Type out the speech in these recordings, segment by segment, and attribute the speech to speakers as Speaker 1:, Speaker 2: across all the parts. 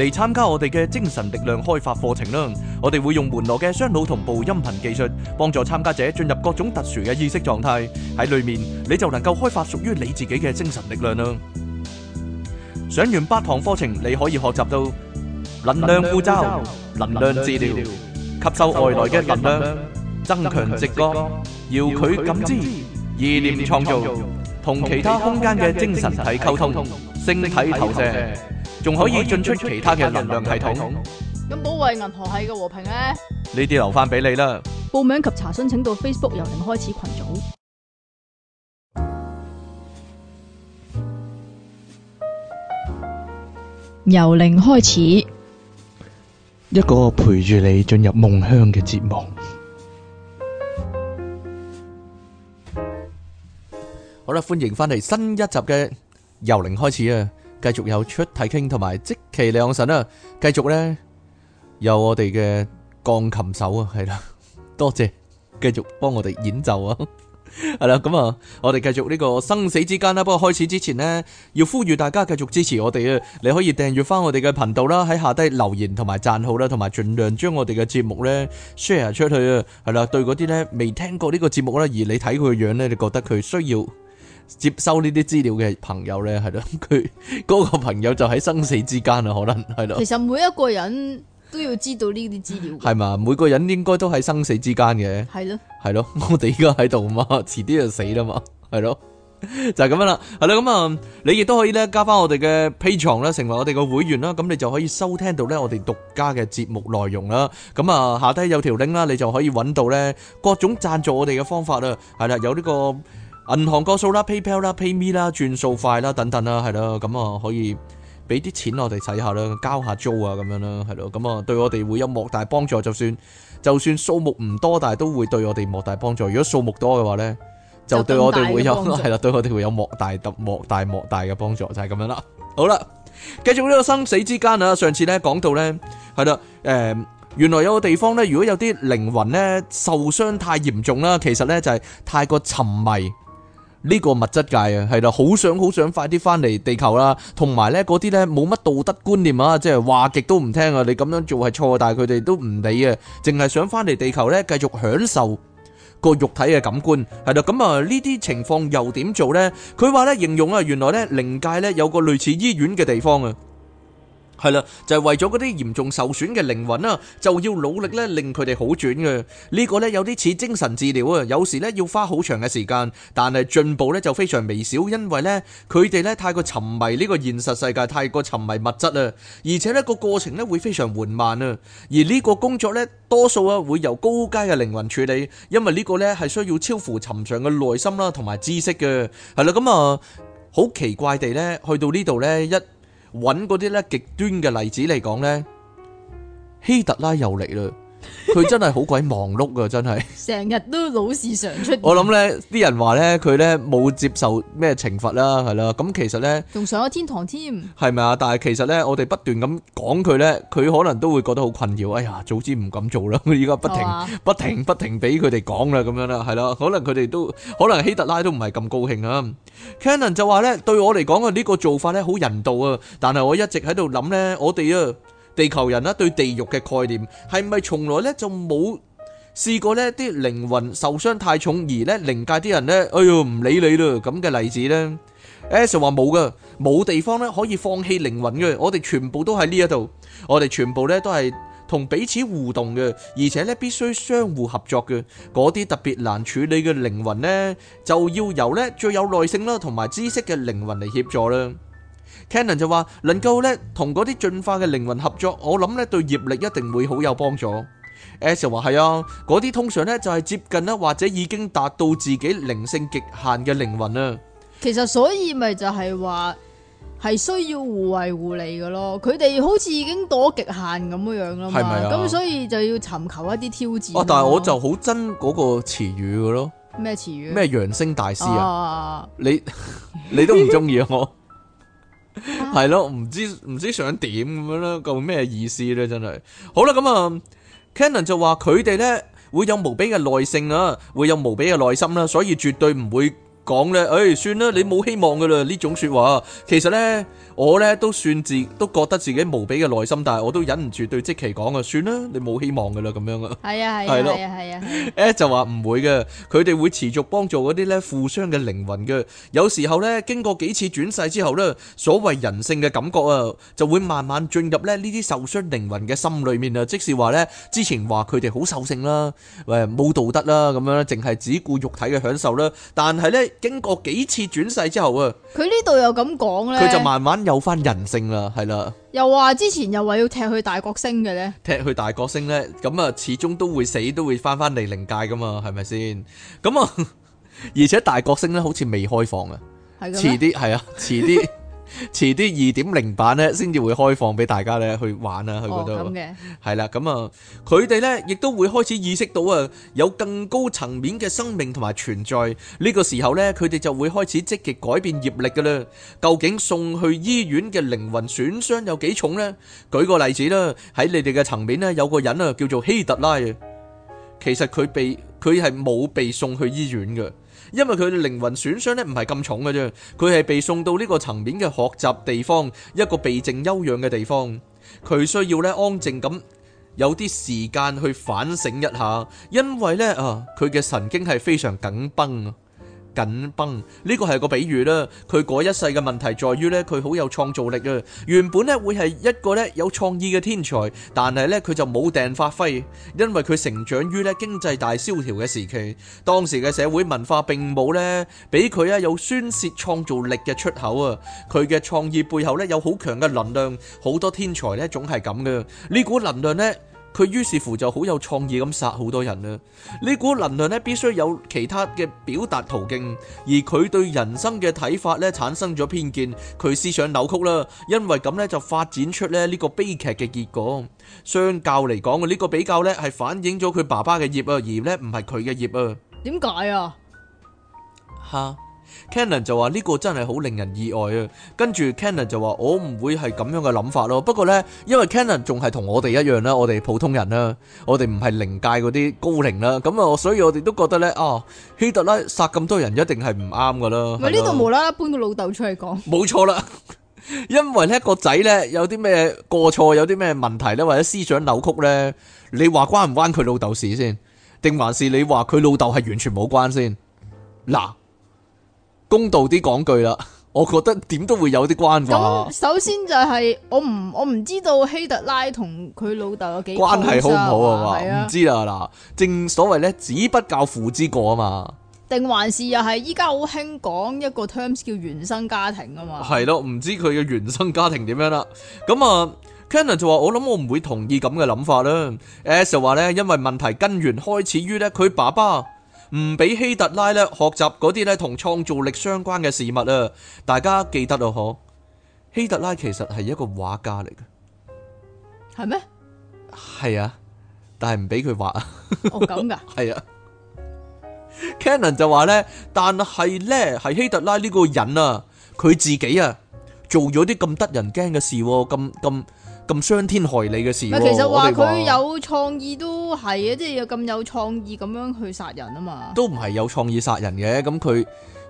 Speaker 1: 嚟參加我哋嘅精神力量開發課程啦！我哋會用門羅嘅雙腦同步音頻技術，幫助參加者進入各種特殊嘅意識狀態。喺裡面你就能夠開發屬於你自己嘅精神力量啦！上完八堂課程，你可以學習到能量護罩、能量治療、吸收外來嘅能量、增強直覺、遙距感知、意念創造、同其他空間嘅精神體溝通。晶體頭像，仲可以進出其他嘅能量系統。
Speaker 2: 咁保衛銀河系嘅和平咧？
Speaker 1: 呢啲留翻俾你啦。
Speaker 2: 報名及查詢，請到 Facebook 由零開始群組。由零開始，
Speaker 1: 一個陪住你進入夢鄉嘅節目。好啦，歡迎翻嚟新一集嘅。由零開始啊，繼續有出替傾同埋即其兩神啊，繼續咧有我哋嘅鋼琴手啊，係啦，多謝，繼續幫我哋演奏啊，係 啦，咁啊，我哋繼續呢個生死之間啦。不過開始之前呢，要呼籲大家繼續支持我哋啊，你可以訂閱翻我哋嘅頻道啦，喺下低留言同埋讚好啦，同埋盡量將我哋嘅節目咧 share 出去啊，係啦，對嗰啲咧未聽過呢個節目咧，而你睇佢嘅樣咧，你覺得佢需要。接收呢啲資料嘅朋友咧，係咯，佢嗰、那個朋友就喺生死之間啊。可能係咯。其實
Speaker 2: 每一個人都要知道呢啲資料，
Speaker 1: 係嘛，每個人應該都喺生死之間嘅，係咯的，係咯，我哋依家喺度嘛，遲啲就死啦嘛，係咯、嗯，就係、是、咁樣啦。係啦，咁啊、嗯，你亦都可以咧加翻我哋嘅 Patreon 啦，成為我哋嘅會員啦，咁你就可以收聽到咧我哋獨家嘅節目內容啦。咁啊、嗯，下低有條 link 啦，你就可以搵到咧各種贊助我哋嘅方法啦。係啦，有呢、這個銀行個數啦，PayPal 啦，PayMe 啦，Pay pal, Pay me，轉數快啦，等等啦，係咯，咁啊，可以俾啲錢我哋使下啦，交下租啊咁樣啦，係咯，咁啊，對我哋會有莫大幫助。就算就算數目唔多，但係都會對我哋莫大幫助。如果數目多嘅話咧，就對我哋會有係啦，對我哋會有莫大特莫大莫大嘅幫助就係、是、咁樣啦。 好啦，繼續呢個生死之間啊。上次咧講到咧係啦，誒、呃、原來有個地方咧，如果有啲靈魂咧受傷太嚴重啦，其實咧就係、是、太過沉迷呢個物質界啊，係啦，好想好想快啲翻嚟地球啦，同埋咧嗰啲咧冇乜道德觀念啊，即係話極都唔聽啊，你咁樣做係錯，但係佢哋都唔理啊，淨係想翻嚟地球咧繼續享受個肉體嘅感官，係啦，咁啊呢啲情況又點做咧？佢話咧形容啊，原來咧靈界咧有個類似醫院嘅地方啊。係啦，就係為咗嗰啲嚴重受損嘅靈魂啊，就要努力咧令佢哋好轉嘅。呢個咧有啲似精神治療啊，有時咧要花好長嘅時間，但係進步咧就非常微小，因為咧佢哋咧太過沉迷呢個現實世界，太過沉迷物質啊，而且呢個過程咧會非常緩慢啊。而呢個工作咧，多數啊會由高階嘅靈魂處理，因為呢個咧係需要超乎尋常嘅耐心啦，同埋知識嘅。係啦，咁啊，好奇怪地咧，去到呢度咧一。揾嗰啲呢極端嘅例子嚟講，呢希特拉又嚟啦。佢真係好鬼忙碌㗎！真係
Speaker 2: 成日都老是常出。我諗咧，
Speaker 1: 啲人話咧，佢咧冇接受咩懲罰啦，係啦。咁其實咧，
Speaker 2: 仲上咗天堂添，
Speaker 1: 係咪啊？但係其實咧，我哋不斷咁講佢咧，佢可能都會覺得好困擾。哎呀，早知唔敢做啦！依家不停、不停、不停俾佢哋講啦，咁樣啦，係啦。可能佢哋都，可能希特拉都唔係咁高興啊。Cannon 就話咧，對我嚟講嘅呢個做法咧，好人道啊。但係我一直喺度諗咧，我哋啊。地球人啦，對地獄嘅概念係咪從來咧就冇試過咧？啲靈魂受傷太重而咧靈界啲人咧，哎喲唔理你咯，咁嘅例子咧。S 話冇噶，冇地方咧可以放棄靈魂嘅。我哋全部都喺呢一度，我哋全部咧都係同彼此互動嘅，而且咧必須相互合作嘅。嗰啲特別難處理嘅靈魂咧，就要由咧最有耐性啦同埋知識嘅靈魂嚟協助啦。Canon 就話能夠咧同嗰啲進化嘅靈魂合作，我諗咧對業力一定會好有幫助。Ash 話係啊，嗰啲通常咧就係、是、接近啦，或者已經達到自己靈性極限嘅靈魂啊。
Speaker 2: 其實所以咪就係話係需要互惠互利噶咯，佢哋好似已經到咗極限咁樣樣啦嘛，咁、啊、所以就要尋求一啲挑
Speaker 1: 戰、啊。但係我就好憎嗰個詞語噶咯，
Speaker 2: 咩詞語？咩
Speaker 1: 揚升大師啊？啊啊啊
Speaker 2: 你
Speaker 1: 你都唔中意啊我？ 係咯，唔 知唔知想點咁樣咧，咁咩意思咧？真係好啦，咁啊，Canon 就話佢哋咧會有無比嘅耐性啊，會有無比嘅耐心啦、啊，所以絕對唔會講咧，誒、欸，算啦，你冇希望噶啦呢種說話，其實咧。我咧都算自都覺得自己無比嘅耐心，但係我都忍唔住對即其講啊，算啦，你冇希望嘅啦，咁樣啊。係啊係啊係啊係啊！誒就話唔會嘅，佢哋會持續幫助嗰啲咧負傷嘅靈魂嘅。有時候咧，經過幾次轉世之後咧，所謂人性嘅感覺啊，就會慢慢進入咧呢啲受傷靈魂嘅心裏面啊。即使話咧之前話佢哋好獸性啦，誒冇道德啦，咁樣淨係只顧肉體嘅享受啦，但係咧經過幾次轉世之後啊，
Speaker 2: 佢呢度又咁講啦，佢就
Speaker 1: 慢慢。有翻人性啦，係啦。
Speaker 2: 又話之前又話要踢去大角星嘅咧，
Speaker 1: 踢去大角星咧，咁啊始終都會死，都會翻翻嚟靈界噶嘛，係咪先？咁啊，而且大角星咧好似未開放啊，遲啲，係啊，遲啲。遲啲二點零版呢，先至會開放俾大家咧去玩啦，去嗰度係啦。咁啊，佢哋呢亦都會開始意識到啊，有更高層面嘅生命同埋存在。呢個時候呢，佢哋就會開始積極改變業力噶啦。究竟送去醫院嘅靈魂損傷有幾重呢？舉個例子啦，喺你哋嘅層面呢，有個人啊叫做希特拉嘅，其實佢被佢係冇被送去醫院嘅。因為佢嘅靈魂損傷咧唔係咁重嘅啫，佢係被送到呢個層面嘅學習地方，一個避靜休養嘅地方。佢需要咧安靜咁，有啲時間去反省一下，因為咧啊，佢嘅神經係非常緊繃啊。緊繃呢個係個比喻啦，佢嗰一世嘅問題在於呢，佢好有創造力啊，原本呢會係一個呢有創意嘅天才，但係呢，佢就冇掟發揮，因為佢成長於呢經濟大蕭條嘅時期，當時嘅社會文化並冇呢，俾佢啊有宣洩創造力嘅出口啊，佢嘅創意背後呢，有好強嘅能量，好多天才呢總係咁嘅，呢股能量呢。佢於是乎就好有創意咁殺好多人啦！呢股能量咧必須有其他嘅表達途徑，而佢對人生嘅睇法咧產生咗偏見，佢思想扭曲啦，因為咁呢，就發展出咧呢個悲劇嘅結果。相較嚟講，呢個比較呢係反映咗佢爸爸嘅業啊，而咧唔係佢嘅業啊。
Speaker 2: 點解啊？
Speaker 1: 吓？Huh? Canon 就話呢個真係好令人意外啊！跟住 Canon 就話我唔會係咁樣嘅諗法咯。不過呢，因為 Canon 仲係同我哋一樣啦，我哋普通人啦，我哋唔係靈界嗰啲高靈啦，咁啊，所以我哋都覺得呢，啊希特拉殺咁多人一定係唔啱噶啦。咪呢度無
Speaker 2: 啦啦搬個老豆出去講，冇錯啦。
Speaker 1: 因為呢個仔呢，有啲咩過錯，有啲咩問題呢？或者思想扭曲呢？你話關唔關佢老豆事先？定還是你話佢老豆係完全冇關先？嗱。公道啲講句啦，我覺得點都會有啲關係。首
Speaker 2: 先就係、是、我唔我唔知道希特拉同佢老豆有幾關係好唔好啊嘛？唔知
Speaker 1: 啦嗱，正所謂咧，子不教父之過啊嘛，
Speaker 2: 定還是又係依家好興講一個 terms 叫原生家庭啊嘛？係
Speaker 1: 咯、啊，唔知佢嘅原生家庭點樣啦。咁啊，Cannon 就話我諗我唔會同意咁嘅諗法啦。S 就話咧，因為問題根源開始於咧佢爸爸。唔俾希特拉咧學習嗰啲咧同創造力相關嘅事物啊！大家記得哦，呵。希特拉其實係一個畫家嚟
Speaker 2: 嘅，係咩嗎？
Speaker 1: 係啊，但係唔俾佢畫啊。哦，
Speaker 2: 咁噶。
Speaker 1: 係 啊。Cannon 就話咧，但係咧係希特拉呢個人啊，佢自己啊做咗啲咁得人驚嘅事喎、啊，咁咁。咁傷天害理嘅事啊，其實話佢有
Speaker 2: 創意都係啊，即係咁有創意咁樣去殺人啊嘛，
Speaker 1: 都唔係有創意殺人嘅，咁佢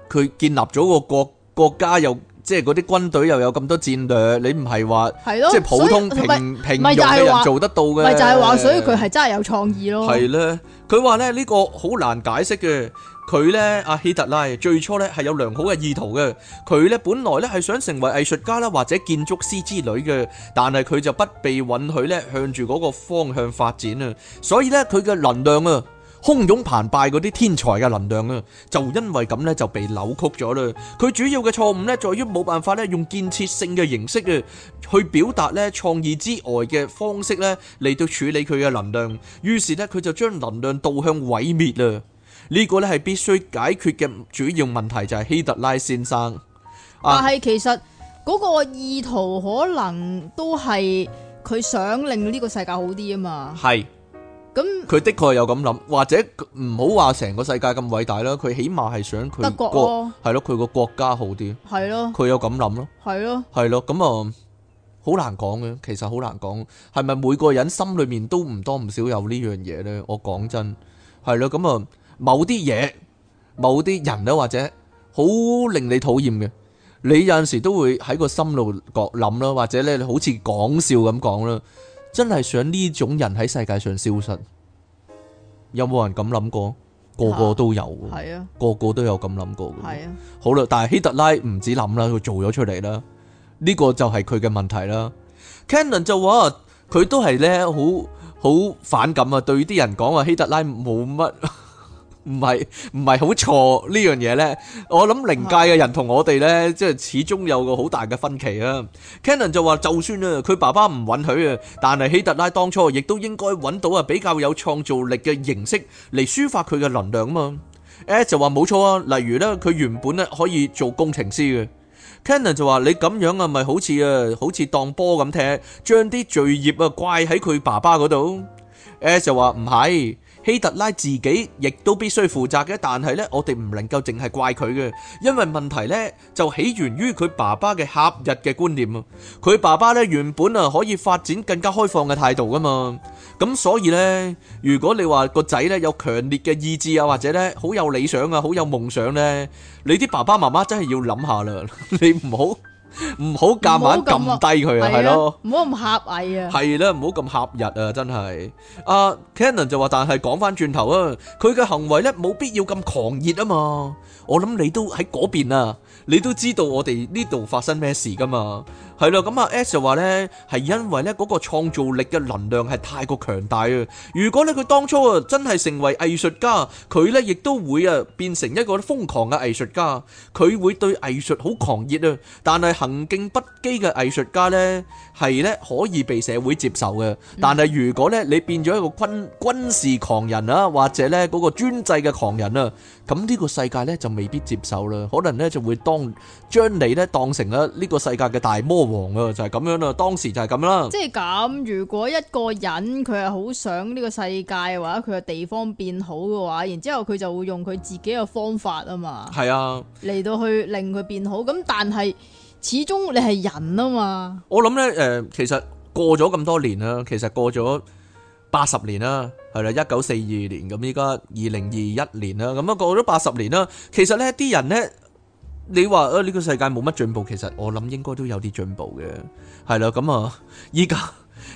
Speaker 1: 佢建立咗個國國家又即係嗰啲軍隊又有咁多戰略，你唔係話係咯，的即係普通平平庸人做得到嘅，咪就係話，所以佢
Speaker 2: 係真係有創意咯，係
Speaker 1: 咧，佢話咧呢，呢個好難解釋嘅。佢咧，阿希特拉最初咧係有良好嘅意圖嘅。佢咧本來咧係想成為藝術家啦或者建築師之類嘅，但係佢就不被允許咧向住嗰個方向發展啊。所以咧，佢嘅能量啊，洶湧澎湃嗰啲天才嘅能量啊，就因為咁咧就被扭曲咗啦。佢主要嘅錯誤咧在於冇辦法咧用建設性嘅形式啊去表達咧創意之外嘅方式咧嚟到處理佢嘅能量。於是咧，佢就將能量導向毀滅啦。呢個咧係必須解決嘅主要問題就係希特拉先生。但
Speaker 2: 係其實嗰個意圖可能都係佢想令呢個世界好啲啊嘛。係，咁
Speaker 1: 佢的確有咁諗，或者唔好話成個世界咁偉大啦，佢起碼係想佢德國係咯，佢個國家好啲。係咯，佢有咁諗咯。係咯，係咯，咁啊，好難講嘅。其實好難講，係咪每個人心裏面都唔多唔少有呢樣嘢咧？我講真，係咯，咁啊。某啲嘢，某啲人咧，或者好令你討厭嘅，你有陣時都會喺個心路角諗啦，或者咧好似講笑咁講啦，真係想呢種人喺世界上消失，有冇人咁諗過？個個都有，係啊，啊個個都有咁諗過嘅，係啊。啊好啦，但係希特拉唔止諗啦，佢做咗出嚟啦，呢、這個就係佢嘅問題啦。Cannon 就話佢都係咧，好好反感啊，對於啲人講話希特拉冇乜。 唔係唔係好錯呢樣嘢呢。我諗靈界嘅人同我哋呢，即係始終有個好大嘅分歧啊。Cannon 就話，就算啊，佢爸爸唔允許啊，但係希特拉當初亦都應該揾到啊比較有創造力嘅形式嚟抒發佢嘅能量啊嘛。S 就話冇錯啊，例如呢，佢原本呢可以做工程師嘅。Cannon 就話，你咁樣啊，咪好似啊，好似當波咁踢，將啲罪孽啊怪喺佢爸爸嗰度。S 就話唔係。希特拉自己亦都必須負責嘅，但係咧，我哋唔能夠淨係怪佢嘅，因為問題咧就起源於佢爸爸嘅狹日嘅觀念啊！佢爸爸咧原本啊可以發展更加開放嘅態度噶嘛，咁所以咧，如果你話個仔咧有強烈嘅意志啊，或者咧好有理想啊，好有夢想咧，你啲爸爸媽媽真係要諗下啦， 你唔好。唔好夾硬撳低佢啊，係咯，
Speaker 2: 唔好咁狹隘啊，係
Speaker 1: 啦、啊，唔好咁狹日啊，真係。啊、uh, Canon 就話，但係講翻轉頭啊，佢嘅行為咧冇必要咁狂熱啊嘛。我諗你都喺嗰邊啊，你都知道我哋呢度發生咩事噶嘛？係喇，咁啊 S 就話呢係因為呢嗰個創造力嘅能量係太過強大啊！如果呢佢當初啊真係成為藝術家，佢呢亦都會啊變成一個瘋狂嘅藝術家，佢會對藝術好狂熱啊！但係行徑不羈嘅藝術家呢。係咧可以被社會接受嘅，但係如果咧你變咗一個軍軍事狂人啦，或者咧嗰個專制嘅狂人啊，咁呢個世界咧就未必接受啦，可能咧就會當將你咧當成啊呢個世界嘅大魔王啊，就係咁樣啦。當時就係咁啦。即係
Speaker 2: 咁，如果一個人佢係好想呢個世界或者佢嘅地方變好嘅話，然之後佢就會用佢自己嘅方法啊嘛。
Speaker 1: 係啊。
Speaker 2: 嚟到去令佢變好，咁但係。始終你係人啊嘛，
Speaker 1: 我諗咧誒，其實過咗咁多年啦，其實過咗八十年啦，係啦，一九四二年咁，依家二零二一年啦，咁啊過咗八十年啦，其實呢啲人呢，你話誒呢個世界冇乜進步，其實我諗應該都有啲進步嘅，係啦，咁、嗯、啊，依家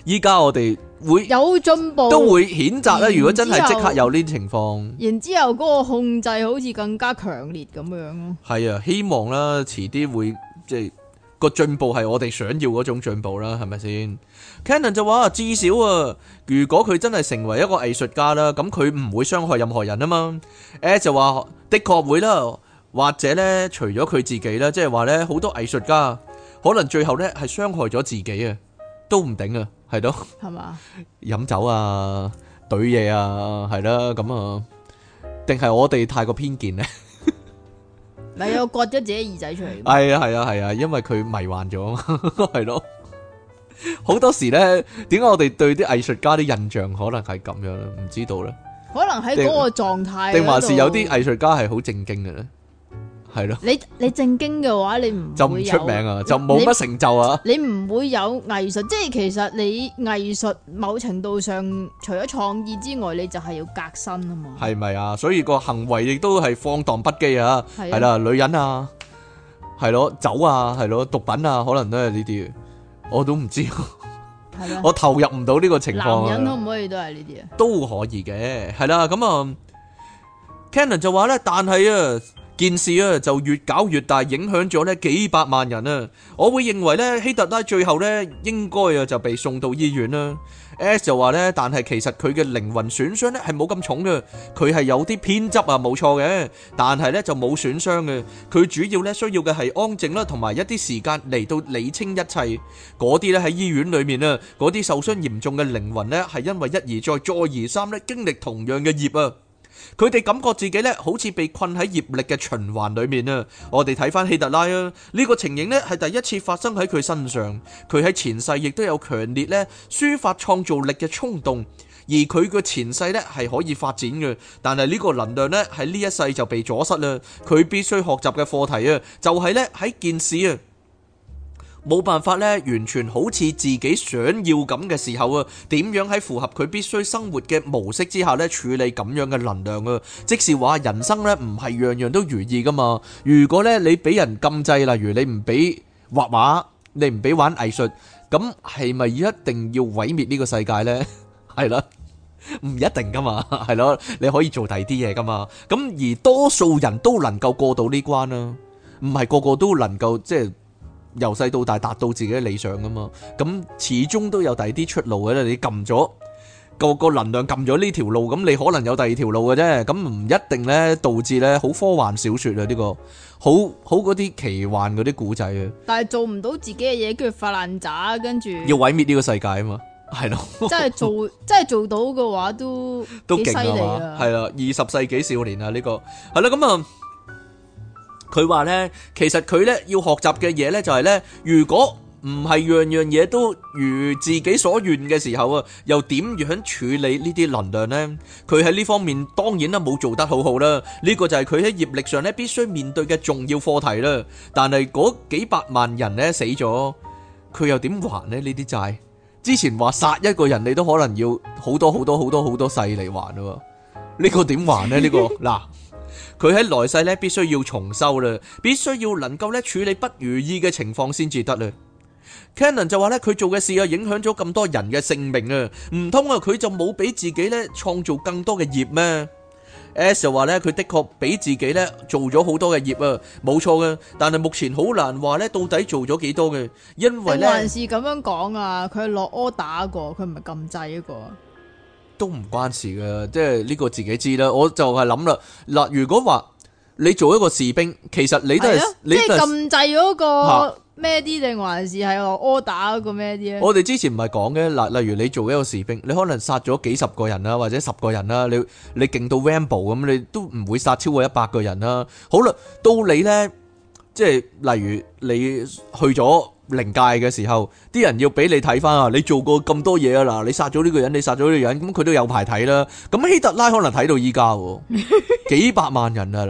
Speaker 1: 依家我哋會有進步，都會譴責啦、啊。後如果真係即刻有呢啲情況，
Speaker 2: 然之後嗰個控制好似更加強烈咁樣咯。
Speaker 1: 係啊，希望啦，遲啲會。即係個進步係我哋想要嗰種進步啦，係咪先？Cannon 就話：至少啊，如果佢真係成為一個藝術家啦，咁佢唔會傷害任何人啊嘛。誒就話：的確會啦，或者咧，除咗佢自己啦，即係話咧，好多藝術家可能最後咧係傷害咗自己啊，都唔頂啊，係咯？係嘛吧？飲酒啊，懟嘢啊，係啦，咁啊，定係我哋太過偏見呢？」
Speaker 2: 咪我割咗自己耳仔出嚟。
Speaker 1: 係啊，係啊，係啊，因為佢迷幻咗嘛 是的，係咯。好多時咧，點解我哋對啲藝術家啲印象可能係咁樣咧？唔知道咧。
Speaker 2: 可能喺嗰個狀態是。定、那個、還是有啲
Speaker 1: 藝術家係好正經嘅咧？係咯，是
Speaker 2: 你你正經嘅話，你唔就唔出名啊，就冇乜成就啊。你唔會有藝術，即係其實你藝術某程度上，除咗創意之外，你就係要革新啊嘛。
Speaker 1: 係咪啊？所以個行為亦都係放蕩不羈啊。係啦，女人啊，係咯，酒啊，係咯，毒品啊，可能都係呢啲。我都唔知，
Speaker 2: 嗎我
Speaker 1: 投入唔到呢個情況。男人
Speaker 2: 可唔可以都係呢啲啊？
Speaker 1: 都可以嘅，係啦，咁、嗯、啊，Canon 就話咧，但係啊。件事啊就越搞越大，影響咗呢幾百萬人啊！我會認為呢，希特拉最後呢應該啊就被送到醫院啦。S 就話呢，但係其實佢嘅靈魂損傷呢係冇咁重嘅，佢係有啲偏執啊，冇錯嘅，但係呢就冇損傷嘅，佢主要呢需要嘅係安靜啦，同埋一啲時間嚟到理清一切。嗰啲呢喺醫院裏面啊，嗰啲受傷嚴重嘅靈魂呢係因為一而再，再而三呢經歷同樣嘅業啊。佢哋感覺自己咧，好似被困喺業力嘅循環裏面啊！我哋睇翻希特拉啊，呢個情形咧，係第一次發生喺佢身上。佢喺前世亦都有強烈咧抒發創造力嘅衝動，而佢嘅前世咧係可以發展嘅，但係呢個能量咧喺呢一世就被阻塞啦。佢必須學習嘅課題啊，就係咧喺件事啊。冇辦法呢，完全好似自己想要咁嘅時候啊，點樣喺符合佢必須生活嘅模式之下呢，處理咁樣嘅能量啊，即係話人生呢，唔係樣樣都如意㗎嘛。如果呢，你俾人禁制，例如你唔俾畫畫，你唔俾玩藝術，咁，係咪一定要毀滅呢個世界呢？係啦，唔一定㗎嘛，係啦，你可以做第二啲嘢㗎嘛，咁，而多數人都能夠過到呢關啦，唔係個個都能夠，即係， 由細到大達到自己嘅理想噶嘛，咁始終都有第二啲出路嘅咧。你撳咗個個能量撳咗呢條路，咁你可能有第二條路嘅啫。咁唔一定咧，導致咧好科幻小說啊呢個，好好嗰啲奇幻嗰啲古仔啊。
Speaker 2: 但係做唔到自己嘅嘢，跟住發爛渣，跟住要
Speaker 1: 毀滅呢個世界啊嘛，係 咯。真
Speaker 2: 係做，真係做到嘅話都都犀利啊，係
Speaker 1: 啦， 二十世紀少年啊呢個，係啦咁啊。嗯佢話呢，其實佢呢要學習嘅嘢呢，就係呢：如果唔係樣樣嘢都如自己所願嘅時候啊，又點樣處理呢啲能量呢？佢喺呢方面當然啦冇做得好好啦，呢個就係佢喺業力上呢必須面對嘅重要課題啦。但係嗰幾百萬人呢死咗，佢又點還呢？呢啲債？之前話殺一個人你都可能要好多好多好多好多世嚟還啊，呢個點還呢？呢個嗱。 佢喺來世呢，必須要重修啦，必須要能夠呢處理不如意嘅情況先至得啦。Cannon 都唔關事嘅，即係呢個自己知啦。我就係諗啦，嗱，如果話你做一個士兵，其實你都係、啊、即係禁
Speaker 2: 制嗰個咩啲，定、啊、還是係 order 嗰個咩啲咧？我哋
Speaker 1: 之前唔係講嘅，嗱，例如你做一個士兵，你可能殺咗幾十個人啦，或者十個人啦，你你勁到 Rambo 咁，你都唔會殺超過一百個人啦。好啦，到你咧，即係例如你去咗。靈界嘅時候，啲人要俾你睇翻啊！你做過咁多嘢啊嗱，你殺咗呢個人，你殺咗呢個人，咁佢都有排睇啦。咁希特拉可能睇到依家，幾百萬人啊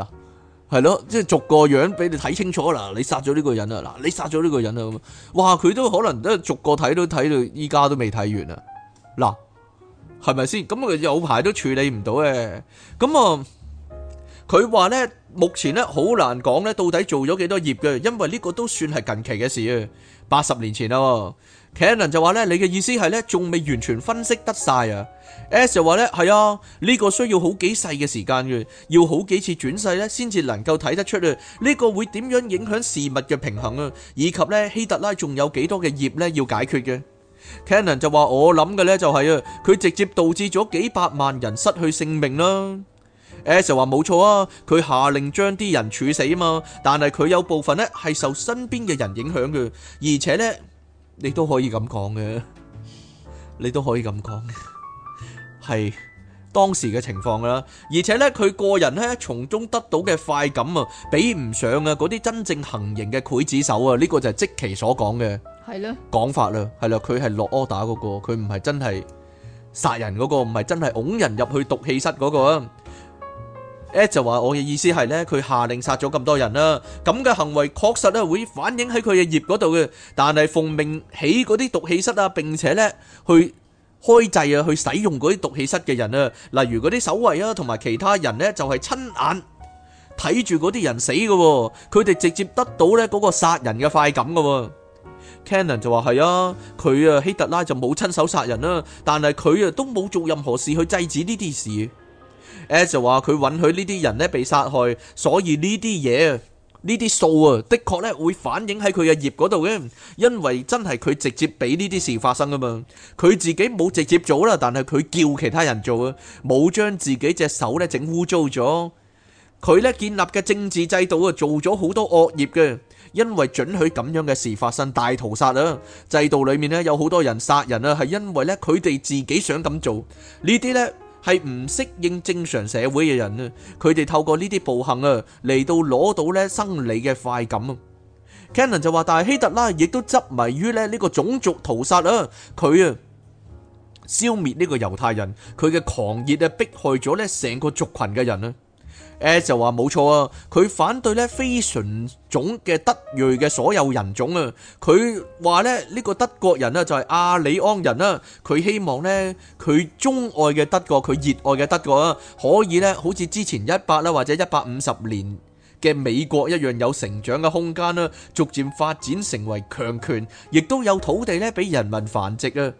Speaker 1: 嗱，係咯，即係逐個樣俾你睇清楚啦。你殺咗呢個人啊嗱，你殺咗呢個人啊咁，哇佢都可能都逐個睇都睇到依家都未睇完啊嗱，係咪先？咁佢有排都處理唔到嘅，咁啊，佢話咧。目前咧，好難講咧，到底做咗幾多業嘅，因為呢個都算係近期嘅事啊。八十年前咯 c a n o n 就話咧，你嘅意思係咧，仲未完全分析得晒啊。S 就話咧，係啊，呢、這個需要好幾世嘅時間嘅，要好幾次轉世咧，先至能夠睇得出啊。呢個會點樣影響事物嘅平衡啊，以及咧希特拉仲有幾多嘅業咧要解決嘅。Cannon 就話我諗嘅咧就係啊，佢直接導致咗幾百萬人失去性命啦。欸，話，冇錯啊，佢下令將啲人處死嘛，但係佢有部分呢，係受身邊嘅人影響嘅，而且呢，你都可以咁講嘅，你都可以咁講嘅，係，當時嘅情況啦，而且呢，誒就話我嘅意思係咧，佢下令殺咗咁多人啦，咁嘅行為確實咧會反映喺佢嘅業嗰度嘅。但係奉命起嗰啲毒氣室啊，並且咧去開制啊，去使用嗰啲毒氣室嘅人啊，例如嗰啲守衛啊，同埋其他人咧就係親眼睇住嗰啲人死㗎喎，佢哋直接得到咧嗰個殺人嘅快感㗎喎。Cannon 就話係啊，佢啊希特拉就冇親手殺人啦，但係佢啊都冇做任何事去制止呢啲事。阿就話佢允許呢啲人呢被殺害，所以呢啲嘢，呢啲數啊，的確呢會反映喺佢嘅業嗰度嘅，因為真係佢直接俾呢啲事發生㗎嘛，佢自己冇直接做啦，但係佢叫其他人做啊，冇將自己隻手呢整污糟咗，佢呢建立嘅政治制度啊，做咗好多惡業嘅，因為准許咁樣嘅事發生，大屠殺啊，制度裏面呢有好多人殺人啊，係因為呢佢哋自己想咁做呢啲呢。係唔適應正常社會嘅人啊！佢哋透過呢啲暴行啊，嚟到攞到咧生理嘅快感啊。Cannon 就話，但係希特拉亦都執迷於咧呢個種族屠殺啊！佢啊，消滅呢個猶太人，佢嘅狂熱啊，迫害咗咧成個族群嘅人啊！誒、欸、就話冇錯啊！佢反對咧非純種嘅德裔嘅所有人種啊！佢話咧呢個德國人咧就係阿里安人啦！佢希望呢，佢鍾愛嘅德國，佢熱愛嘅德國啊，可以呢好似之前一百啦或者一百五十年嘅美國一樣有成長嘅空間啦，逐漸發展成為強權，亦都有土地呢俾人民繁殖啊！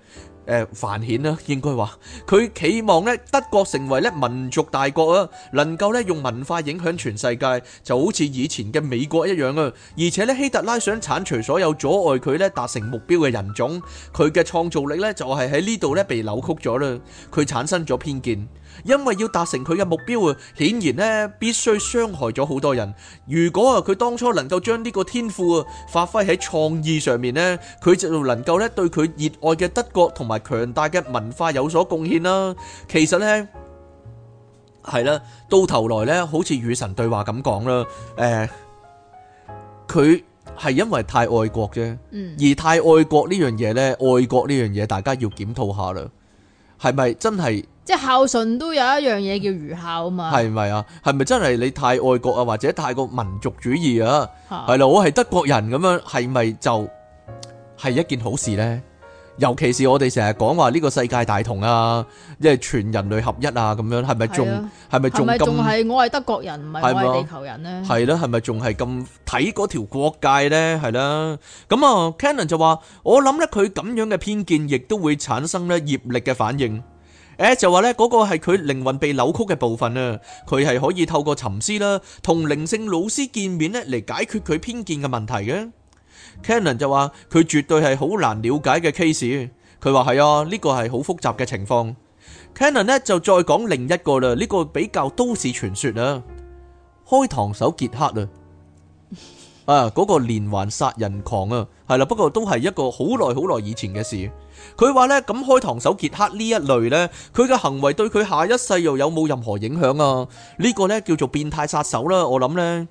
Speaker 1: 誒、繁衍啦，應該話佢期望咧德國成為咧民族大國啊，能夠咧用文化影響全世界，就好似以前嘅美國一樣啊。而且咧希特拉想剷除所有阻礙佢咧達成目標嘅人種，佢嘅創造力咧就係喺呢度咧被扭曲咗啦，佢產生咗偏見。因為要達成佢嘅目標啊，顯然咧必須傷害咗好多人。如果啊，佢當初能夠將呢個天賦啊發揮喺創意上面咧，佢就能夠咧對佢熱愛嘅德國同埋強大嘅文化有所貢獻啦。其實咧係啦，到頭來咧好似與神對話咁講啦。誒，佢係因為太愛國啫，而太愛國呢樣嘢咧，愛國呢樣嘢大家要檢討下啦，係咪真係？
Speaker 2: 即係孝順都有一樣嘢叫愚孝啊嘛，係
Speaker 1: 咪啊？係咪真係你太愛國啊，或者太過民族主義啊？係啦，我係德國人咁樣，係咪就係一件好事咧？尤其是我哋成日講話呢個世界大同啊，即係全人類合一啊，咁樣係咪仲係咪仲係
Speaker 2: 我係德國人唔係我係地球人咧？係
Speaker 1: 啦，係咪仲係咁睇嗰條國界咧？係啦，咁啊，Cannon 就話：我諗咧佢咁樣嘅偏見，亦都會產生咧業力嘅反應。誒、欸、就話呢嗰個係佢靈魂被扭曲嘅部分啊，佢係可以透過沉思啦，同靈性老師見面呢嚟解決佢偏見嘅問題嘅。Cannon 就話佢絕對係好難了解嘅 case，佢話係啊，呢個係好複雜嘅情況。Cannon 呢就再講另一個啦，呢、呢個比較都市傳說啊，開膛手傑克啊，啊嗰個連環殺人狂啊！係啦，不過都係一個好耐好耐以前嘅事。佢話呢，咁開膛手傑克呢一類呢，佢嘅行為對佢下一世又有冇任何影響啊？呢個呢叫做變態殺手啦，我諗呢，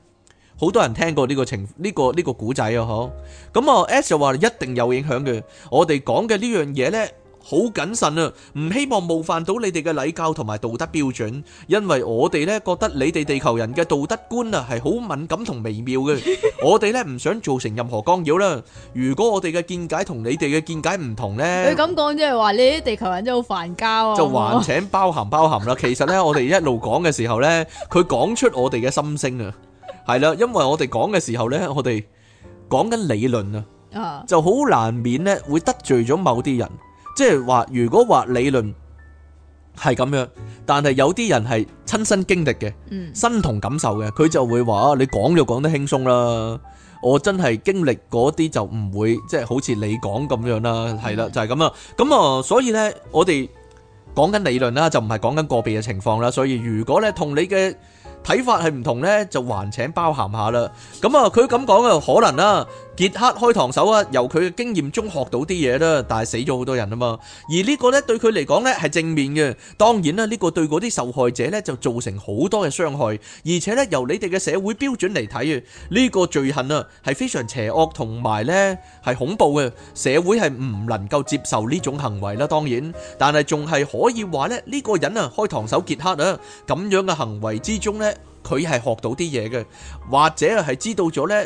Speaker 1: 好多人聽過呢個情呢個呢個古仔啊，嗬。咁、嗯、啊 S 就話一定有影響嘅。我哋講嘅呢樣嘢呢。好謹慎啊，唔希望冒犯到你哋嘅禮教同埋道德標準，因為我哋咧覺得你哋地球人嘅道德觀啊係好敏感同微妙嘅，我哋咧唔想造成任何干擾啦。如果我哋嘅見解同你哋嘅見解唔同咧，你
Speaker 2: 咁講即係話你啲地球人真好煩交啊，就還
Speaker 1: 請包含包含啦。其實咧，我哋一路講嘅時候咧，佢講出我哋嘅心聲啊，係啦，因為我哋講嘅時候咧，我哋講緊理論啊，就好難免咧會得罪咗某啲人。即係話，如果話理論係咁樣，但係有啲人係親身經歷嘅，嗯，身同感受嘅，佢就會話啊，你講就講得輕鬆啦，我真係經歷嗰啲就唔會，即係好似你講咁樣啦，係啦，就係咁啦。咁啊，所以呢，我哋講緊理論啦，就唔係講緊個別嘅情況啦。所以如果呢同你嘅睇法係唔同呢，就還請包涵下啦。咁啊，佢咁講嘅，可能啦。傑克開膛手啊，由佢嘅經驗中學到啲嘢啦，但係死咗好多人啊嘛。而呢個呢對佢嚟講呢係正面嘅，當然啦，呢個對嗰啲受害者呢就造成好多嘅傷害，而且呢由你哋嘅社會標準嚟睇啊，呢個罪行啊係非常邪惡同埋呢係恐怖嘅，社會係唔能夠接受呢種行為啦。當然，但係仲係可以話呢，呢個人啊，開膛手傑克啊咁樣嘅行為之中呢，佢係學到啲嘢嘅，或者係知道咗呢。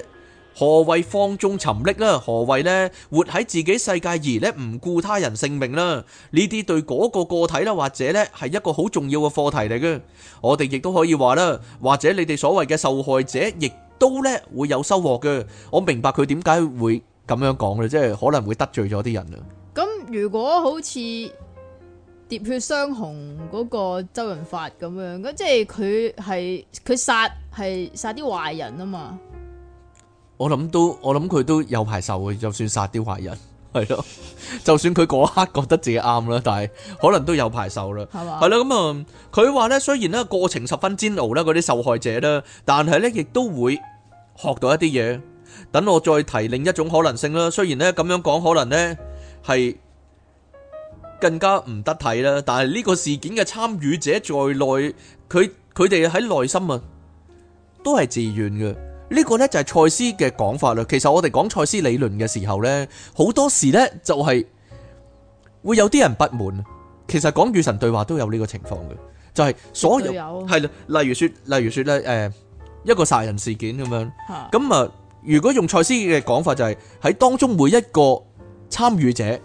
Speaker 1: 何謂放縱沉溺啦？何謂呢活喺自己世界而呢唔顧他人性命啦？呢啲對嗰個個體啦，或者呢係一個好重要嘅課題嚟嘅。我哋亦都可以話啦，或者你哋所謂嘅受害者，亦都呢會有收穫嘅。我明白佢點解會咁樣講嘅，即係可能會得罪咗啲人啦。
Speaker 2: 咁如果好似喋血雙雄嗰個周潤發咁樣，咁即係佢係佢殺係殺啲壞人啊嘛？
Speaker 1: 我諗都，我諗佢都有排受嘅，就算殺啲壞人，係咯，就算佢嗰刻覺得自己啱啦，但係可能都有排受啦，係啦。咁啊，佢話呢，雖然呢過程十分煎熬啦，嗰啲受害者啦，但係呢亦都會學到一啲嘢。等我再提另一種可能性啦。雖然呢咁樣講，可能呢係更加唔得體啦，但係呢個事件嘅參與者在內，佢佢哋喺內心啊都係自願嘅。呢個咧就係賽斯嘅講法啦。其實我哋講賽斯理論嘅時候咧，好多時咧就係會有啲人不滿。其實講與神對話都有呢個情況嘅，就係所有係啦。例如說，例如說咧，誒，一個殺人事件咁樣，咁啊，如果用賽斯嘅講法，就係喺當中每一個參與者，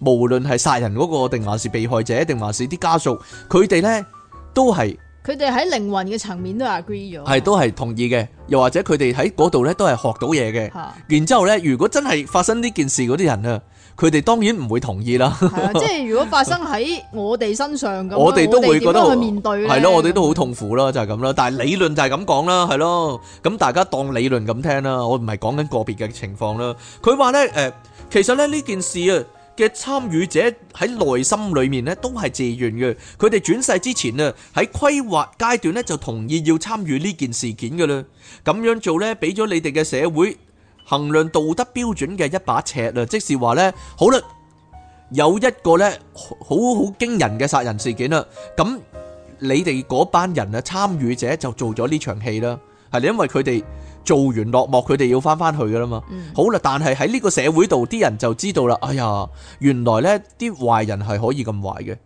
Speaker 1: 無論係殺人嗰個，定還是被害者，定還是啲家屬，佢哋咧都係。
Speaker 2: 佢哋喺靈魂嘅層面都 agree 咗，
Speaker 1: 係都係同意嘅。又或者佢哋喺嗰度咧都係學到嘢嘅。啊、然之後咧，如果真係發生呢件事嗰啲人啊，佢哋當然唔會同意啦。啊、 即
Speaker 2: 係如果發生喺我哋身上咁， 我哋都會覺得 去面對。係咯，我哋
Speaker 1: 都好痛苦咯，就係咁啦。但係理論就係咁講啦，係咯。咁大家當理論咁聽啦。我唔係講緊個別嘅情況啦。佢話咧，誒、呃，其實咧呢，其實呢件事啊。嘅參與者喺內心裏面咧都係自願嘅，佢哋轉世之前啊喺規劃階段咧就同意要參與呢件事件嘅啦，咁樣做咧俾咗你哋嘅社會衡量道德標準嘅一把尺啦，即是話咧，好啦，有一個咧好好驚人嘅殺人事件啦，咁你哋嗰班人啊參與者就做咗呢場戲啦，係因為佢哋。做完落幕，佢哋要返返去噶啦嘛。好啦、嗯，但係喺呢個社會度，啲人就知道啦。哎呀，原來呢啲壞人係可以咁壞嘅，啲、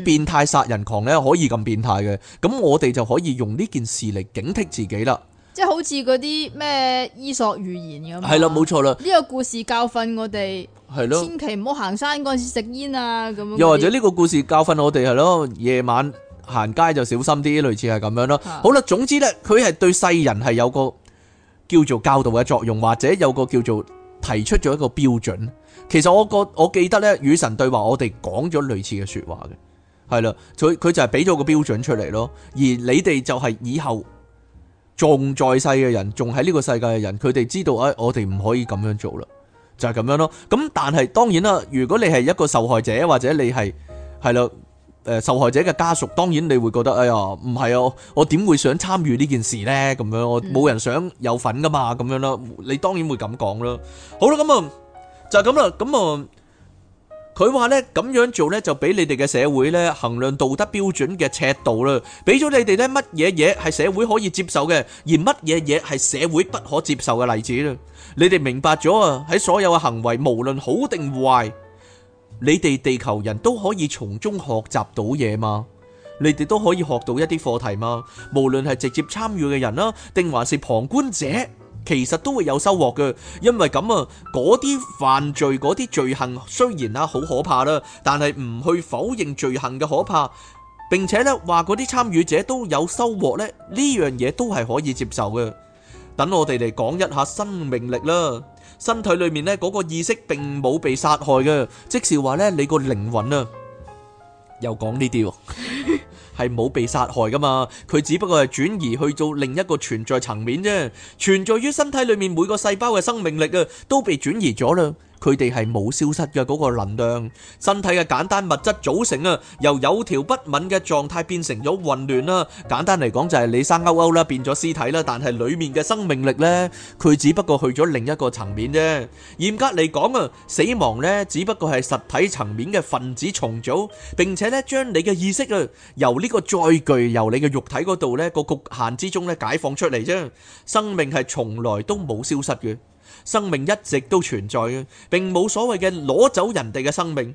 Speaker 1: 嗯、變態殺人狂呢可以咁變態嘅。咁我哋就可以用呢件事嚟警惕自己啦。
Speaker 2: 即係好似嗰啲咩《伊索寓言》咁係啦，冇錯啦。呢個故事教訓我哋係咯，的千祈唔好行山嗰陣時食煙啊。咁又或者
Speaker 1: 呢個故事教訓我哋係咯，夜晚行街就小心啲，類似係咁樣咯。的好啦，總之呢，佢係對世人係有個。叫做教導嘅作用，或者有個叫做提出咗一個標準。其實我覺我記得呢，與神對話，我哋講咗類似嘅說話嘅，係啦，佢佢就係俾咗個標準出嚟咯。而你哋就係以後仲在世嘅人，仲喺呢個世界嘅人，佢哋知道誒、哎，我哋唔可以咁樣做啦，就係、是、咁樣咯。咁但係當然啦，如果你係一個受害者，或者你係係啦。誒受害者嘅家屬，當然你會覺得，哎呀，唔係啊，我點會想參與呢件事咧？咁樣我冇人想有份噶嘛，咁樣啦，你當然會咁講啦。好啦，咁啊就係咁啦，咁啊佢話咧，咁樣做咧就俾你哋嘅社會咧衡量道德標準嘅尺度啦，俾咗你哋咧乜嘢嘢係社會可以接受嘅，而乜嘢嘢係社會不可接受嘅例子啦。你哋明白咗啊？喺所有嘅行為，無論好定壞。你哋地球人都可以從中學習到嘢嘛。你哋都可以學到一啲課題嘛。無論係直接參與嘅人啦，定還是旁觀者，其實都會有收穫嘅。因為咁啊，嗰啲犯罪、嗰啲罪行雖然啊好可怕啦，但係唔去否認罪行嘅可怕，並且呢話嗰啲參與者都有收穫呢，呢樣嘢都係可以接受嘅。等我哋嚟講一下生命力啦。身體裏面呢嗰個意識並冇被殺害嘅，即是話呢，你個靈魂啊，又講呢啲喎，係 冇被殺害噶嘛，佢只不過係轉移去做另一個存在層面啫。存在於身體裏面每個細胞嘅生命力啊，都被轉移咗啦。佢哋係冇消失嘅嗰個能量，身體嘅簡單物質組成啊，由有條不紊嘅狀態變成咗混亂啦。簡單嚟講就係你生勾勾啦，變咗屍體啦，但係裏面嘅生命力咧，佢只不過去咗另一個層面啫。嚴格嚟講啊，死亡咧只不過係實體層面嘅分子重組，並且咧將你嘅意識啊，由呢個載具，由你嘅肉體嗰度呢個局限之中咧解放出嚟啫。生命係從來都冇消失嘅。生命一直都存在嘅，並冇所謂嘅攞走人哋嘅生命，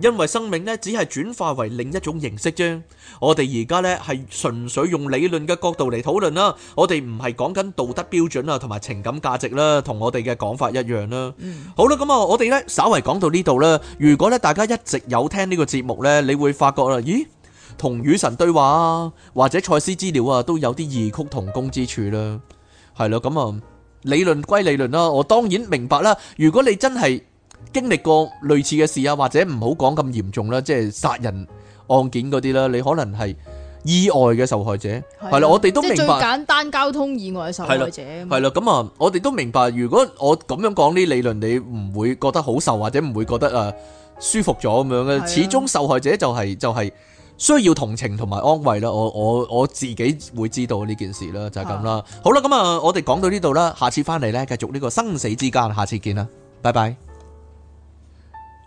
Speaker 1: 因為生命咧只係轉化為另一種形式啫。我哋而家咧係純粹用理論嘅角度嚟討論啦，我哋唔係講緊道德標準啊，同埋情感價值啦，同我哋嘅講法一樣啦。嗯，好啦，咁啊，我哋咧稍為講到呢度啦。如果咧大家一直有聽呢個節目咧，你會發覺啦，咦，同與神對話啊，或者賽斯資料啊，都有啲異曲同工之處啦。係啦，咁啊。理論歸理論啦，我當然明白啦。如果你真係經歷過類似嘅事啊，或者唔好講咁嚴重啦，即係殺人案件嗰啲啦，你可能係意外嘅受害者，係啦的，的我哋都明白。即係最簡
Speaker 2: 單交通意外嘅受害者。係
Speaker 1: 啦，咁啊，我哋都明白。如果我咁樣講呢理論，你唔會覺得好受，或者唔會覺得啊舒服咗咁樣嘅？的始終受害者就係、就係。需要同情同埋安慰啦，我我我自己會知道呢件事啦，就係咁啦。好啦，咁啊，我哋講到呢度啦，下次翻嚟咧，繼續呢個生死之間，下次見啦，拜拜。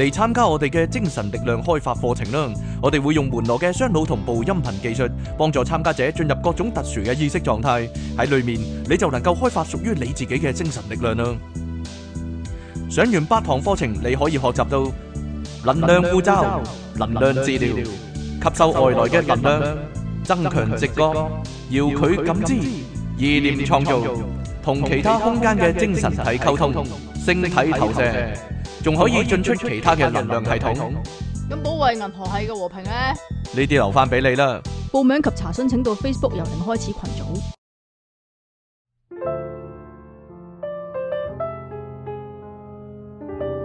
Speaker 1: 嚟參加我哋嘅精神力量開發課程啦！我哋會用門羅嘅雙腦同步音頻技術，幫助參加者進入各種特殊嘅意識狀態。喺裏面你就能夠開發屬於你自己嘅精神力量啦！上完八堂課程，你可以學習到能量護罩、能量治療、吸收外來嘅能量、增強直覺、遙距感知、意念創造、同其他空間嘅精神體溝通、星體投射。仲可以進出其他嘅能量系統。
Speaker 2: 咁保衛銀河系嘅和平咧？
Speaker 1: 呢啲留翻俾你啦。
Speaker 2: 報名及查詢請到 Facebook 由零開始群組。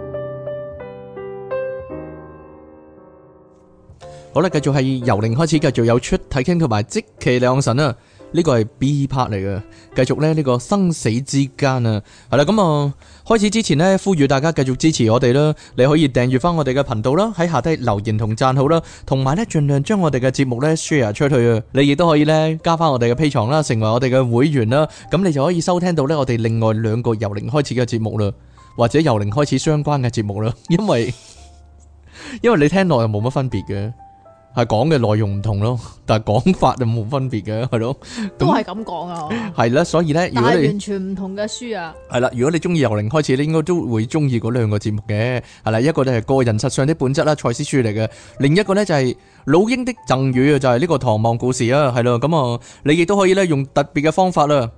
Speaker 1: 好啦，繼續係由零開始，繼續有出睇傾同埋即期兩神啊。呢個係 B part 嚟嘅。繼續呢呢個生死之間啊。係啦，咁啊，開始之前呢，呼籲大家繼續支持我哋啦，你可以訂閱翻我哋嘅頻道啦，喺下低留言同讚好啦，同埋呢，盡量將我哋嘅節目呢 share 出去啊，你亦都可以呢，加翻我哋嘅 Patreon 啦，成為我哋嘅會員啦，咁、嗯、你就可以收聽到呢，我哋另外兩個由零開始嘅節目啦，或者由零開始相關嘅節目啦，因為因為你聽落又冇乜分別嘅。係講嘅內容唔同咯，但係講法就冇分別嘅，係咯。都係咁
Speaker 2: 講啊。
Speaker 1: 係啦，所以咧，但係完
Speaker 2: 全唔同嘅書啊。
Speaker 1: 係啦，如果你中意由零開始，你應該都會中意嗰兩個節目嘅。係啦，一個咧係個人實相的本質啦，賽斯書嚟嘅。另一個咧就係老鷹的贈語啊，就係呢個唐望故事啊，係咯。咁啊，你亦都可以咧用特別嘅方法啦，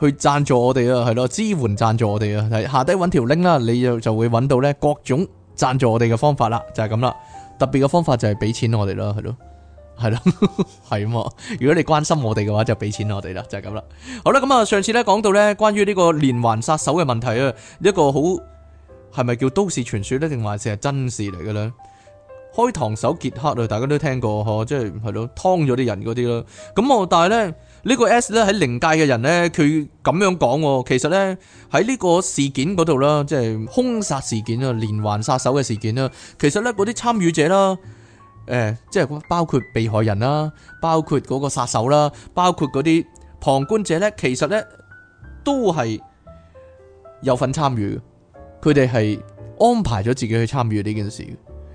Speaker 1: 去贊助我哋啊，係咯，支援贊助我哋啊。係下低揾條 link 啦，你又就會揾到咧各種贊助我哋嘅方法啦，就係咁啦。特別嘅方法就係俾錢我哋咯，係咯，係咯，係 咁如果你關心我哋嘅話，就俾錢我哋啦，就係咁啦。好啦，咁、嗯、啊，上次咧講到咧關於呢個連環殺手嘅問題啊，一個好係咪叫都市傳說咧，定還是係真事嚟嘅咧？開膛手傑克啊，大家都聽過呵，即係係咯，劏咗啲人嗰啲啦。咁、嗯、我但係咧。呢個 S 咧喺靈界嘅人呢，佢咁樣講，其實呢，喺呢個事件嗰度啦，即係兇殺事件啊，連環殺手嘅事件啦，其實呢，嗰啲參與者啦，誒、欸，即係包括被害人啦，包括嗰個殺手啦，包括嗰啲旁觀者呢，其實呢，都係有份參與嘅，佢哋係安排咗自己去參與呢件事嘅。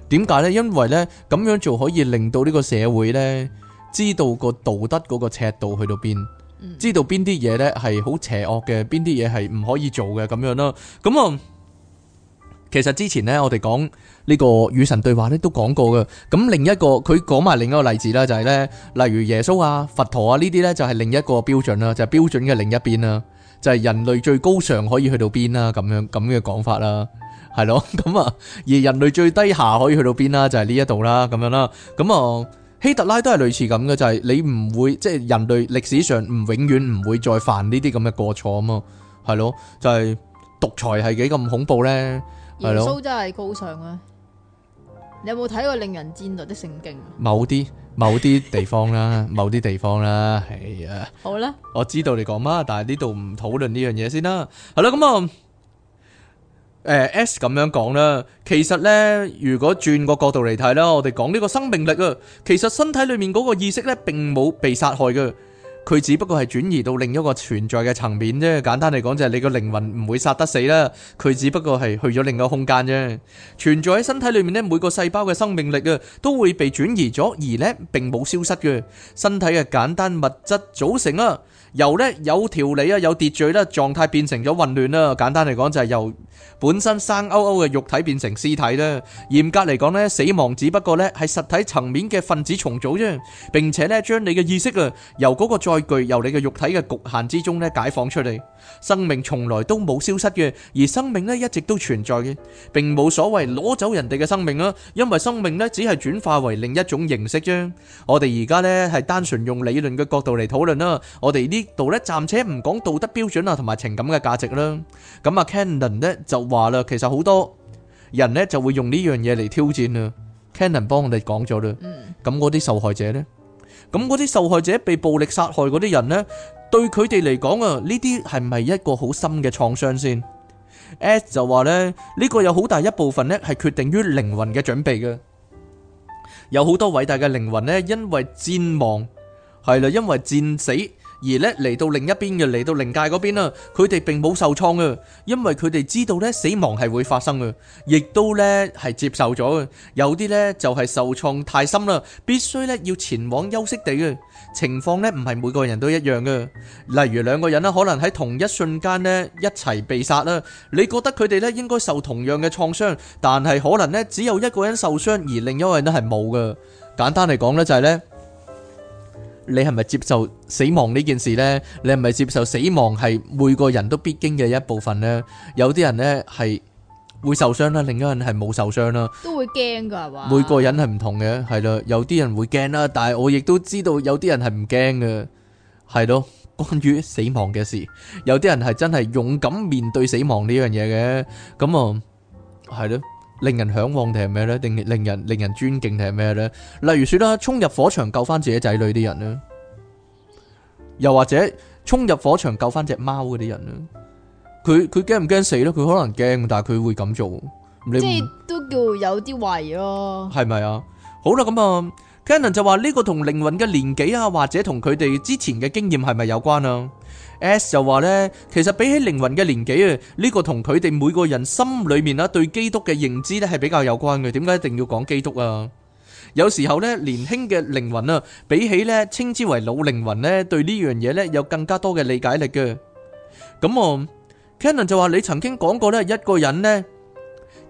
Speaker 1: 點解呢？因為呢，咁樣做可以令到呢個社會呢。知道個道德嗰個尺度去到邊，知道邊啲嘢呢係好邪惡嘅，邊啲嘢係唔可以做嘅咁樣啦。咁啊，其實之前呢，我哋講呢個與神對話呢都講過噶。咁另一個佢講埋另一個例子啦，就係呢，例如耶穌啊、佛陀啊呢啲呢，就係另一個標準啦，就係標準嘅另一邊啦，就係人類最高尚可以去到邊啦，咁樣咁嘅講法啦，係咯。咁啊，而人類最低下可以去到邊啦，就係呢一度啦，咁樣啦。咁啊。希特拉都係類似咁嘅，就係你唔會即係人類歷史上唔永遠唔會再犯呢啲咁嘅過錯啊嘛，係咯，就係獨裁係幾咁恐怖咧，係咯。耶穌
Speaker 2: 真係高尚啊！你有冇睇過令人戰慄的聖經啊？
Speaker 1: 某啲某啲地方啦，某啲地方啦，係啊。好啦，我知道你講乜，但係呢度唔討論呢樣嘢先啦。係啦，咁啊。誒，S 咁樣講啦，其實呢，如果轉個角度嚟睇啦，我哋講呢個生命力啊，其實身體裏面嗰個意識呢，並冇被殺害嘅，佢只不過係轉移到另一個存在嘅層面啫。簡單嚟講，就係你個靈魂唔會殺得死啦，佢只不過係去咗另一個空間啫。存在喺身體裏面呢，每個細胞嘅生命力啊，都會被轉移咗，而呢，並冇消失嘅，身體嘅簡單物質組成啊。由呢，有條理、有秩序，狀態變成咗混亂，簡單嚟講就係由本身生勾勾嘅肉體變成屍體。嚴格嚟講呢，死亡只不過呢係實體層面嘅分子重組，並且呢將你嘅意識由嗰個載具由你嘅肉體嘅局限之中解放出來。生命從來都冇消失嘅，而生命呢一直都存在嘅，並冇所謂攞走人哋嘅生命啦，因為生命呢只係轉化為另一種形式啫。我哋而家呢係單純用理論嘅角度嚟討論啦，我哋呢。呢度咧，暫且唔講道德標準啊，同埋情感嘅價值啦。咁啊，Cannon 咧就話啦，其實好多人咧就會用呢樣嘢嚟挑戰啊。Cannon 幫我哋講咗啦。咁嗰啲受害者咧，咁嗰啲受害者被暴力殺害嗰啲人咧，對佢哋嚟講啊，呢啲係咪一個好深嘅創傷先？S 就話咧，呢個有好大一部分咧係決定於靈魂嘅準備嘅。有好多偉大嘅靈魂咧，因為戰亡係啦，因為戰死。而咧嚟到另一邊嘅，嚟到靈界嗰邊啦，佢哋並冇受創嘅，因為佢哋知道咧死亡係會發生嘅，亦都咧係接受咗嘅。有啲咧就係受創太深啦，必須咧要前往休息地嘅情況咧，唔係每個人都一樣嘅。例如兩個人啦，可能喺同一瞬間咧一齊被殺啦，你覺得佢哋咧應該受同樣嘅創傷，但係可能咧只有一個人受傷而另一個人咧係冇嘅。簡單嚟講咧就係、是、咧。你係咪接受死亡呢件事呢？你係咪接受死亡係每個人都必經嘅一部分呢？有啲人呢係會受傷啦，另一人係冇受傷啦。
Speaker 2: 都會驚噶，係嘛？每個
Speaker 1: 人係唔同嘅，係啦，有啲人會驚啦，但係我亦都知道有啲人係唔驚嘅，係咯。關於死亡嘅事，有啲人係真係勇敢面對死亡呢樣嘢嘅，咁啊，係咯。令人向往定係咩咧？定令人令人尊敬定係咩咧？例如說啦，衝入火場救翻自己仔女啲人咧，又或者衝入火場救翻隻貓嗰啲人咧，佢佢驚唔驚死咧？佢可能驚，但係佢會咁做。即係
Speaker 2: 都叫有啲為咯，
Speaker 1: 係咪啊？好啦，咁啊，Cannon 就話呢個同靈魂嘅年紀啊，或者同佢哋之前嘅經驗係咪有關啊？S 就話咧，其實比起靈魂嘅年紀啊，呢個同佢哋每個人心裏面啦，對基督嘅認知咧係比較有關嘅。點解一定要講基督啊？有時候咧，年輕嘅靈魂啊，比起咧稱之為老靈魂咧，對呢樣嘢咧有更加多嘅理解力嘅。咁哦，Canon 就話你曾經講過咧，一個人咧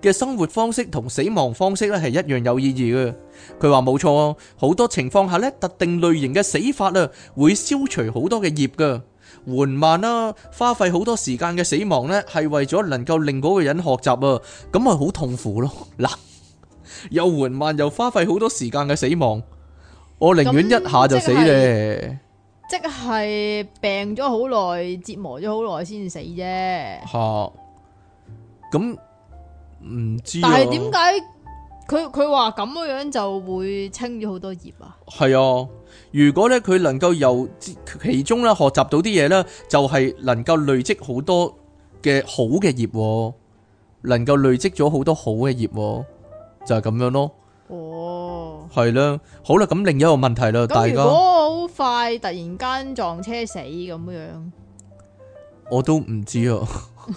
Speaker 1: 嘅生活方式同死亡方式咧係一樣有意義嘅。佢話冇錯，好多情況下咧，特定類型嘅死法啊，會消除好多嘅業噶。緩慢啦，花費好多時間嘅死亡呢，係為咗能夠令嗰個人學習啊，咁咪好痛苦咯。嗱，又緩慢又花費好多時間嘅死亡，我寧願一下就死啫。
Speaker 2: 即係病咗好耐，折磨咗好耐先死啫。
Speaker 1: 吓，咁唔知。但係點解？
Speaker 2: 佢佢話咁樣就會清咗好多業啊。
Speaker 1: 係啊，如果咧佢能夠由其中咧學習到啲嘢咧，就係能夠累積好多嘅好嘅業，能夠累積咗好多好嘅業，就係咁樣咯。哦，係啦，好啦，咁另一個問題啦，大家，咁如果
Speaker 2: 好快突然間撞車死咁樣，
Speaker 1: 我都唔知啊，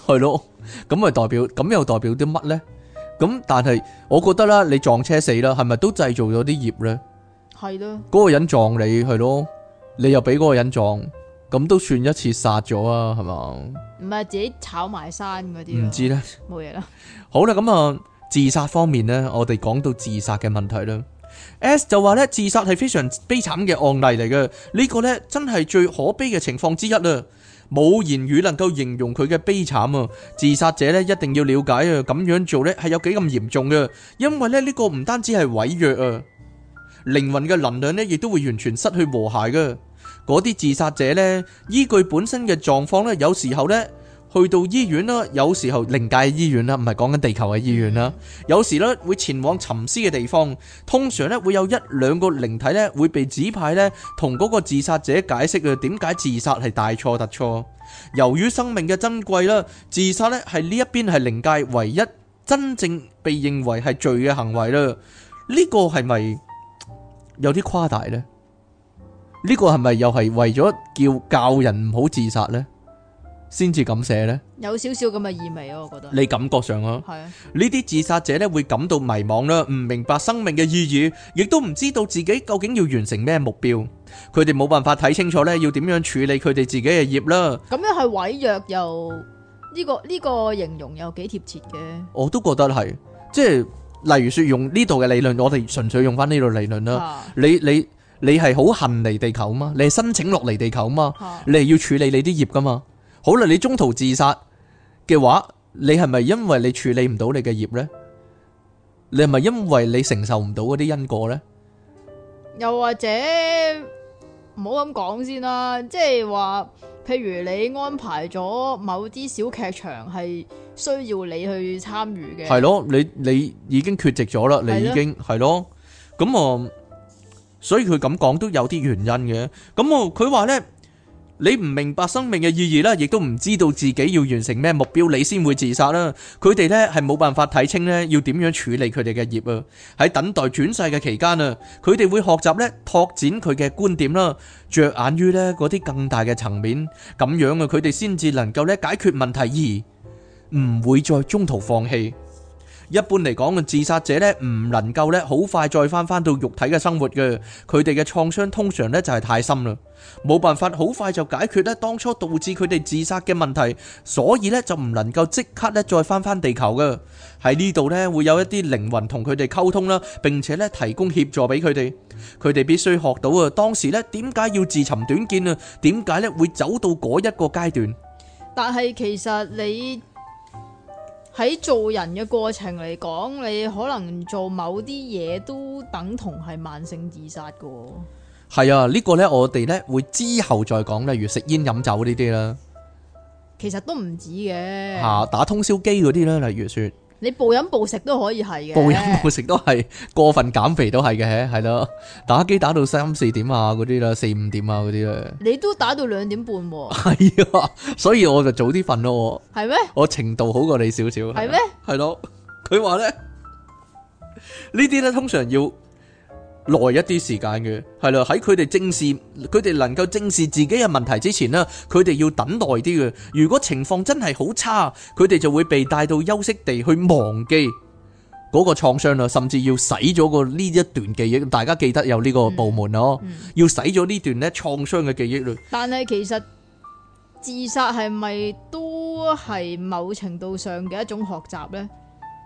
Speaker 1: 係咯，咁咪代表咁又代表啲乜咧？咁但係我覺得啦，你撞車死啦，係咪都製造咗啲孽呢？
Speaker 2: 係咯，
Speaker 1: 嗰個人撞你係咯，你又俾嗰個人撞，咁都算一次殺咗啊？係嘛？唔
Speaker 2: 係自己炒埋山嗰啲？唔知呢，冇嘢啦。
Speaker 1: 好啦，咁啊，自殺方面呢，我哋講到自殺嘅問題啦。S 就話呢，自殺係非常悲慘嘅案例嚟嘅，呢個呢，真係最可悲嘅情況之一啦。冇言語能夠形容佢嘅悲慘啊！自殺者咧，一定要了解啊，咁樣做咧係有幾咁嚴重噶，因為咧呢個唔單止係毀約啊，靈魂嘅能量呢亦都會完全失去和諧噶。嗰啲自殺者呢，依據本身嘅狀況呢，有時候呢。去到醫院啦，有時候靈界醫院啦，唔係講緊地球嘅醫院啦。有時咧會前往沉思嘅地方，通常咧會有一兩個靈體咧會被指派咧同嗰個自殺者解釋佢點解自殺係大錯特錯。由於生命嘅珍貴啦，自殺咧係呢一邊係靈界唯一真正被認為係罪嘅行為啦。呢個係咪有啲誇大呢？呢個係咪又係為咗叫教人唔好自殺呢？先至咁寫咧，
Speaker 2: 有少少咁嘅意味啊！我覺得你感
Speaker 1: 覺上咯，係啊，呢啲自殺者咧會感到迷茫啦，唔明白生命嘅意義，亦都唔知道自己究竟要完成咩目標。佢哋冇辦法睇清楚咧，要點樣處理佢哋自己嘅業啦。
Speaker 2: 咁樣係毀約，又呢個呢個形容又幾貼切嘅。
Speaker 1: 我都覺得係，即係例如說用呢度嘅理論，我哋純粹用翻呢度理論啦。你你你係好恨嚟地球啊嘛？你係申請落嚟地球啊嘛？你係要處理你啲業噶嘛？好啦，你中途自殺嘅話，你係咪因為你處理唔到你嘅業呢？你係咪因為你承受唔到嗰啲因果呢？
Speaker 2: 又或者唔好咁講先啦，即係話，譬如你安排咗某啲小劇場係需要你去參與嘅，係咯？
Speaker 1: 你你已經缺席咗啦，你已經係咯，咁啊，所以佢咁講都有啲原因嘅。咁啊，佢話呢。你唔明白生命嘅意義啦，亦都唔知道自己要完成咩目標，你先會自殺啦。佢哋咧係冇辦法睇清咧，要點樣處理佢哋嘅業啊。喺等待轉世嘅期間啊，佢哋會學習咧拓展佢嘅觀點啦，着眼於咧嗰啲更大嘅層面。咁樣啊，佢哋先至能夠咧解決問題，而唔會再中途放棄。一般嚟講，自殺者咧唔能夠咧好快再翻翻到肉體嘅生活嘅，佢哋嘅創傷通常咧就係太深啦，冇辦法好快就解決咧當初導致佢哋自殺嘅問題，所以咧就唔能夠即刻咧再翻翻地球嘅。喺呢度咧會有一啲靈魂同佢哋溝通啦，並且咧提供協助俾佢哋，佢哋必須學到啊當時咧點解要自尋短見啊，點解咧會走到嗰一個階段？
Speaker 2: 但係其實你。喺做人嘅過程嚟講，你可能做某啲嘢都等同係慢性自殺噶。
Speaker 1: 係啊，呢、呢個呢，我哋呢會之後再講，例如食煙、飲酒呢啲啦。
Speaker 2: 其實都唔止嘅。吓、
Speaker 1: 啊，打通宵機嗰啲咧，例如說。
Speaker 2: 你暴飲暴,暴,暴食都可以係嘅，暴飲暴
Speaker 1: 食都係過分減肥都係嘅，係咯，打機打到三四點啊嗰啲啦，四五點啊嗰啲咧，
Speaker 2: 你都打到兩點半喎、啊，係
Speaker 1: 啊， 所以我就早啲瞓咯，係咩？嗎我程度好過你少少，係咩？係咯嗎，佢話咧呢啲咧通常要。耐一啲時間嘅係啦，喺佢哋正視佢哋能夠正視自己嘅問題之前呢，佢哋要等耐啲嘅。如果情況真係好差，佢哋就會被帶到休息地去忘記嗰個創傷啦，甚至要洗咗個呢一段記憶。大家記得有呢個部門哦，嗯嗯、要洗咗呢段咧創傷嘅記憶。
Speaker 2: 但係其實自殺係咪都係某程度上嘅一種學習呢？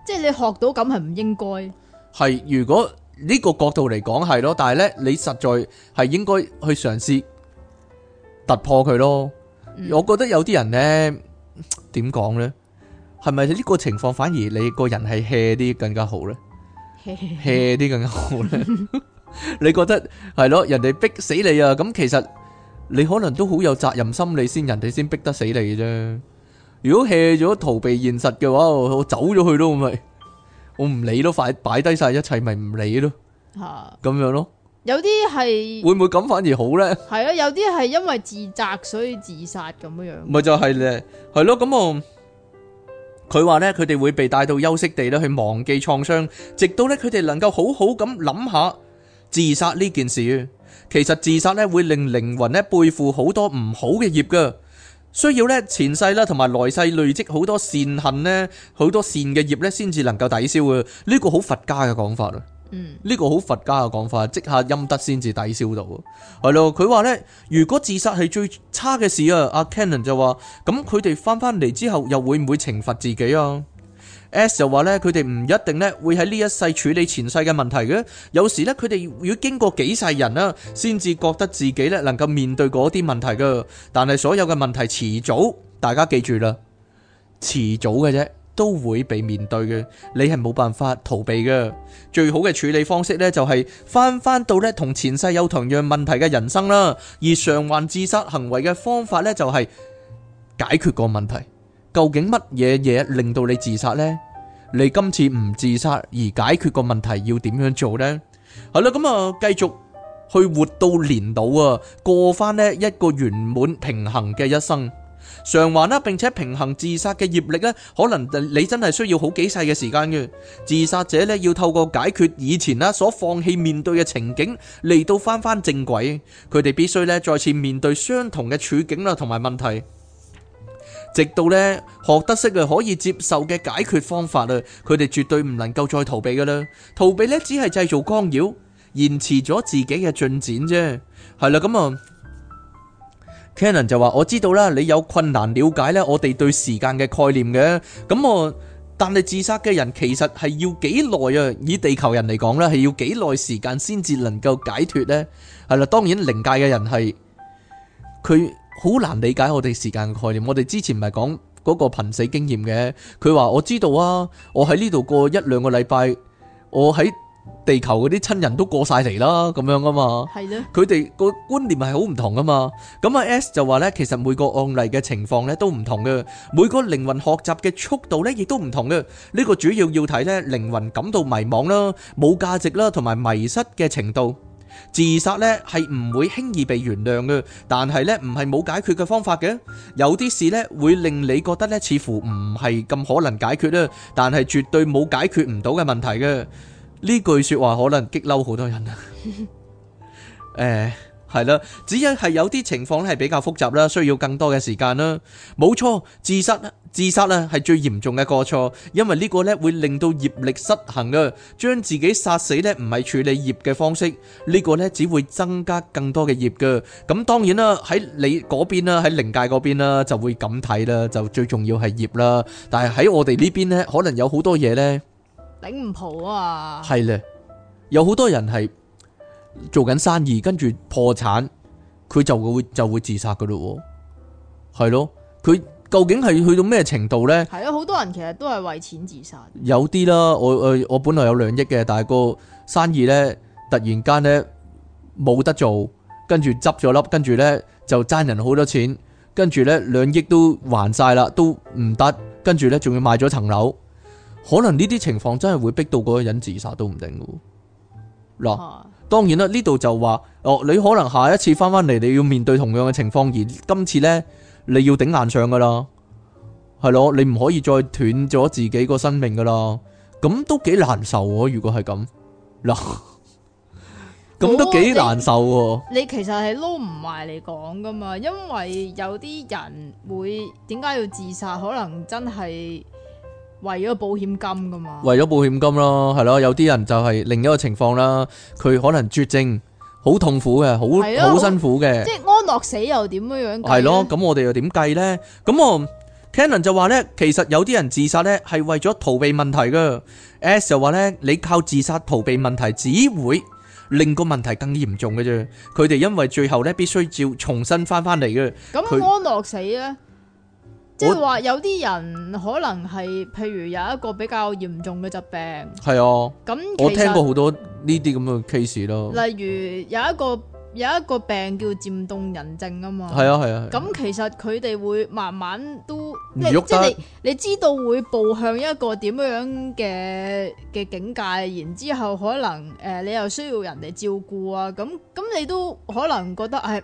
Speaker 2: 即係你學到咁係唔應該？
Speaker 1: 係，如果。呢個角度嚟講係咯，但係咧你實在係應該去嘗試突破佢咯。我覺得有啲人咧點講咧，係咪呢個情況反而你個人係 hea 啲更加好咧？hea 啲更加好咧？你覺得係咯？人哋逼死你啊！咁其實你可能都好有責任心理先，人哋先逼得死你啫。如果 hea 咗逃避現實嘅話，我走咗去都唔係。我唔理咯，快擺低晒一切，咪唔理咯，吓咁樣咯。
Speaker 2: 有啲係
Speaker 1: 會唔會咁反而好呢？
Speaker 2: 係啊，有啲係因為自責所以自殺咁樣樣。咪
Speaker 1: 就係咧，係、嗯、咯，咁我佢話呢，佢哋會被帶到休息地咧，去忘記創傷，直到呢，佢哋能夠好好咁諗下自殺呢件事。其實自殺咧會令靈魂咧背負好多唔好嘅業噶。需要咧前世啦，同埋來世累積好多善行咧，好多善嘅業咧，先至能夠抵消啊！呢個好佛家嘅講法啊，嗯，呢個好佛家嘅講法，積下陰德先至抵消到，係咯？佢話呢：「如果自殺係最差嘅事啊，阿 Canon 就話，咁佢哋翻翻嚟之後又會唔會懲罰自己啊？S 就話咧，佢哋唔一定咧會喺呢一世處理前世嘅問題嘅，有時咧佢哋要經過幾世人啊，先至覺得自己咧能夠面對嗰啲問題嘅。但係所有嘅問題遲早，大家記住啦，遲早嘅啫，都會被面對嘅。你係冇辦法逃避嘅。最好嘅處理方式咧就係翻翻到咧同前世有同樣問題嘅人生啦。而償還自殺行為嘅方法咧就係解決個問題。究竟乜嘢嘢令到你自殺呢？你今次唔自殺而解決個問題要點樣做呢？係啦，咁啊，繼續去活到年老啊，過翻呢一個圓滿平衡嘅一生，償還啦，並且平衡自殺嘅業力咧，可能你真係需要好幾世嘅時間嘅。自殺者咧要透過解決以前啦所放棄面對嘅情景回回，嚟到翻翻正軌，佢哋必須咧再次面對相同嘅處境啦，同埋問題。直到咧學得識嘅可以接受嘅解決方法啊，佢哋絕對唔能夠再逃避嘅啦。逃避呢，只係製造干擾，延遲咗自己嘅進展啫。係啦，咁啊，Canon 就話：我知道啦，你有困難了解呢我哋對時間嘅概念嘅。咁啊，但係自殺嘅人其實係要幾耐啊？以地球人嚟講呢，係要幾耐時間先至能夠解脫呢？係啦，當然靈界嘅人係佢。好難理解我哋時間概念，我哋之前唔係講嗰個瀕死經驗嘅，佢話我知道啊，我喺呢度過一兩個禮拜，我喺地球嗰啲親人都過晒嚟啦，咁樣啊嘛，係咯，佢哋個觀念係好唔同啊嘛。咁啊 S 就話咧，其實每個案例嘅情況咧都唔同嘅，每個靈魂學習嘅速度咧亦都唔同嘅，呢個主要要睇咧靈魂感到迷茫啦、冇價值啦同埋迷失嘅程度。自殺呢係唔會輕易被原諒嘅，但係呢唔係冇解決嘅方法嘅。有啲事呢會令你覺得呢似乎唔係咁可能解決啦，但係絕對冇解決唔到嘅問題嘅。呢句說話可能激嬲好多人啊，誒。係啦，只因係有啲情況咧係比較複雜啦，需要更多嘅時間啦。冇錯，自殺啊，自殺啊係最嚴重嘅過錯，因為呢個咧會令到業力失衡啊。將自己殺死咧唔係處理業嘅方式，呢個咧只會增加更多嘅業噶。咁當然啦，喺你嗰邊啦，喺靈界嗰邊啦就會咁睇啦。就最重要係業啦，但係喺我哋呢邊咧，可能有好多嘢咧，
Speaker 2: 頂唔好啊。
Speaker 1: 係咧，有好多人係。做緊生意，跟住破產，佢就會就會自殺噶咯，係咯，佢究竟係去到咩程度呢？
Speaker 2: 係啊，好多人其實都係為錢自殺。
Speaker 1: 有啲啦，我我本來有兩億嘅，但係個生意呢，突然間呢，冇得做，跟住執咗笠，跟住呢，就爭人好多錢，跟住呢，兩億都還晒啦，都唔得，跟住呢，仲要賣咗層樓，可能呢啲情況真係會逼到嗰個人自殺都唔定噶。嗱、啊。當然啦，呢度就話哦，你可能下一次翻返嚟，你要面對同樣嘅情況，而今次呢，你要頂硬上噶啦，係咯，你唔可以再斷咗自己個生命噶啦，咁都幾難受啊！如果係咁嗱，咁 都幾難受，哦。你，哦，
Speaker 2: 你其實係撈唔埋嚟講噶嘛，因為有啲人會點解要自殺，可能真係。為咗保險金噶嘛？
Speaker 1: 為咗保險金咯，係咯？有啲人就係另一個情況啦，佢可能絕症，好痛苦嘅，好好辛苦嘅。即
Speaker 2: 係安樂死又點樣樣計？係咯，
Speaker 1: 咁我哋又點計呢？咁我 Cannon 就話呢，其實有啲人自殺呢係為咗逃避問題噶。S 就話呢，你靠自殺逃避問題，只會令個問題更嚴重嘅啫。佢哋因為最後呢必須要重新翻翻嚟嘅。咁安
Speaker 2: 樂死呢？即係話有啲人可能係，譬如有一個比較嚴重嘅疾病，
Speaker 1: 係啊。咁我聽過好多呢啲咁嘅 case 咯。例如
Speaker 2: 有一個有一個病叫漸凍人症啊嘛。係啊係啊。咁、啊啊、其實佢哋會慢慢都唔喐得，即係你、你。你知道會步向一個點樣嘅嘅境界，然之後可能誒、呃，你又需要人哋照顧啊。咁咁你都可能覺得係、哎、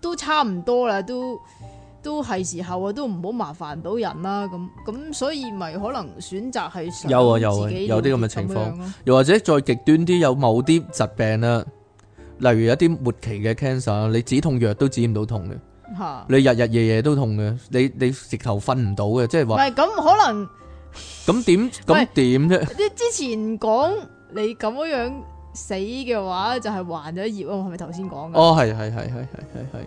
Speaker 2: 都差唔多啦，都。都係時候啊，都唔好麻煩到人啦。咁咁，所以咪可能選擇係想自己咁樣咯。
Speaker 1: 又或者再極端啲，有某啲疾病啦，例如一啲末期嘅 cancer，你止痛藥都止唔到痛嘅，你日日夜夜都痛嘅，你你直頭瞓唔到嘅，即係話唔係
Speaker 2: 咁可能
Speaker 1: 咁點咁點啫？
Speaker 2: 即之前講你咁樣死嘅話，就係還咗業啊？係咪頭先
Speaker 1: 講嘅？哦，係係係係係係。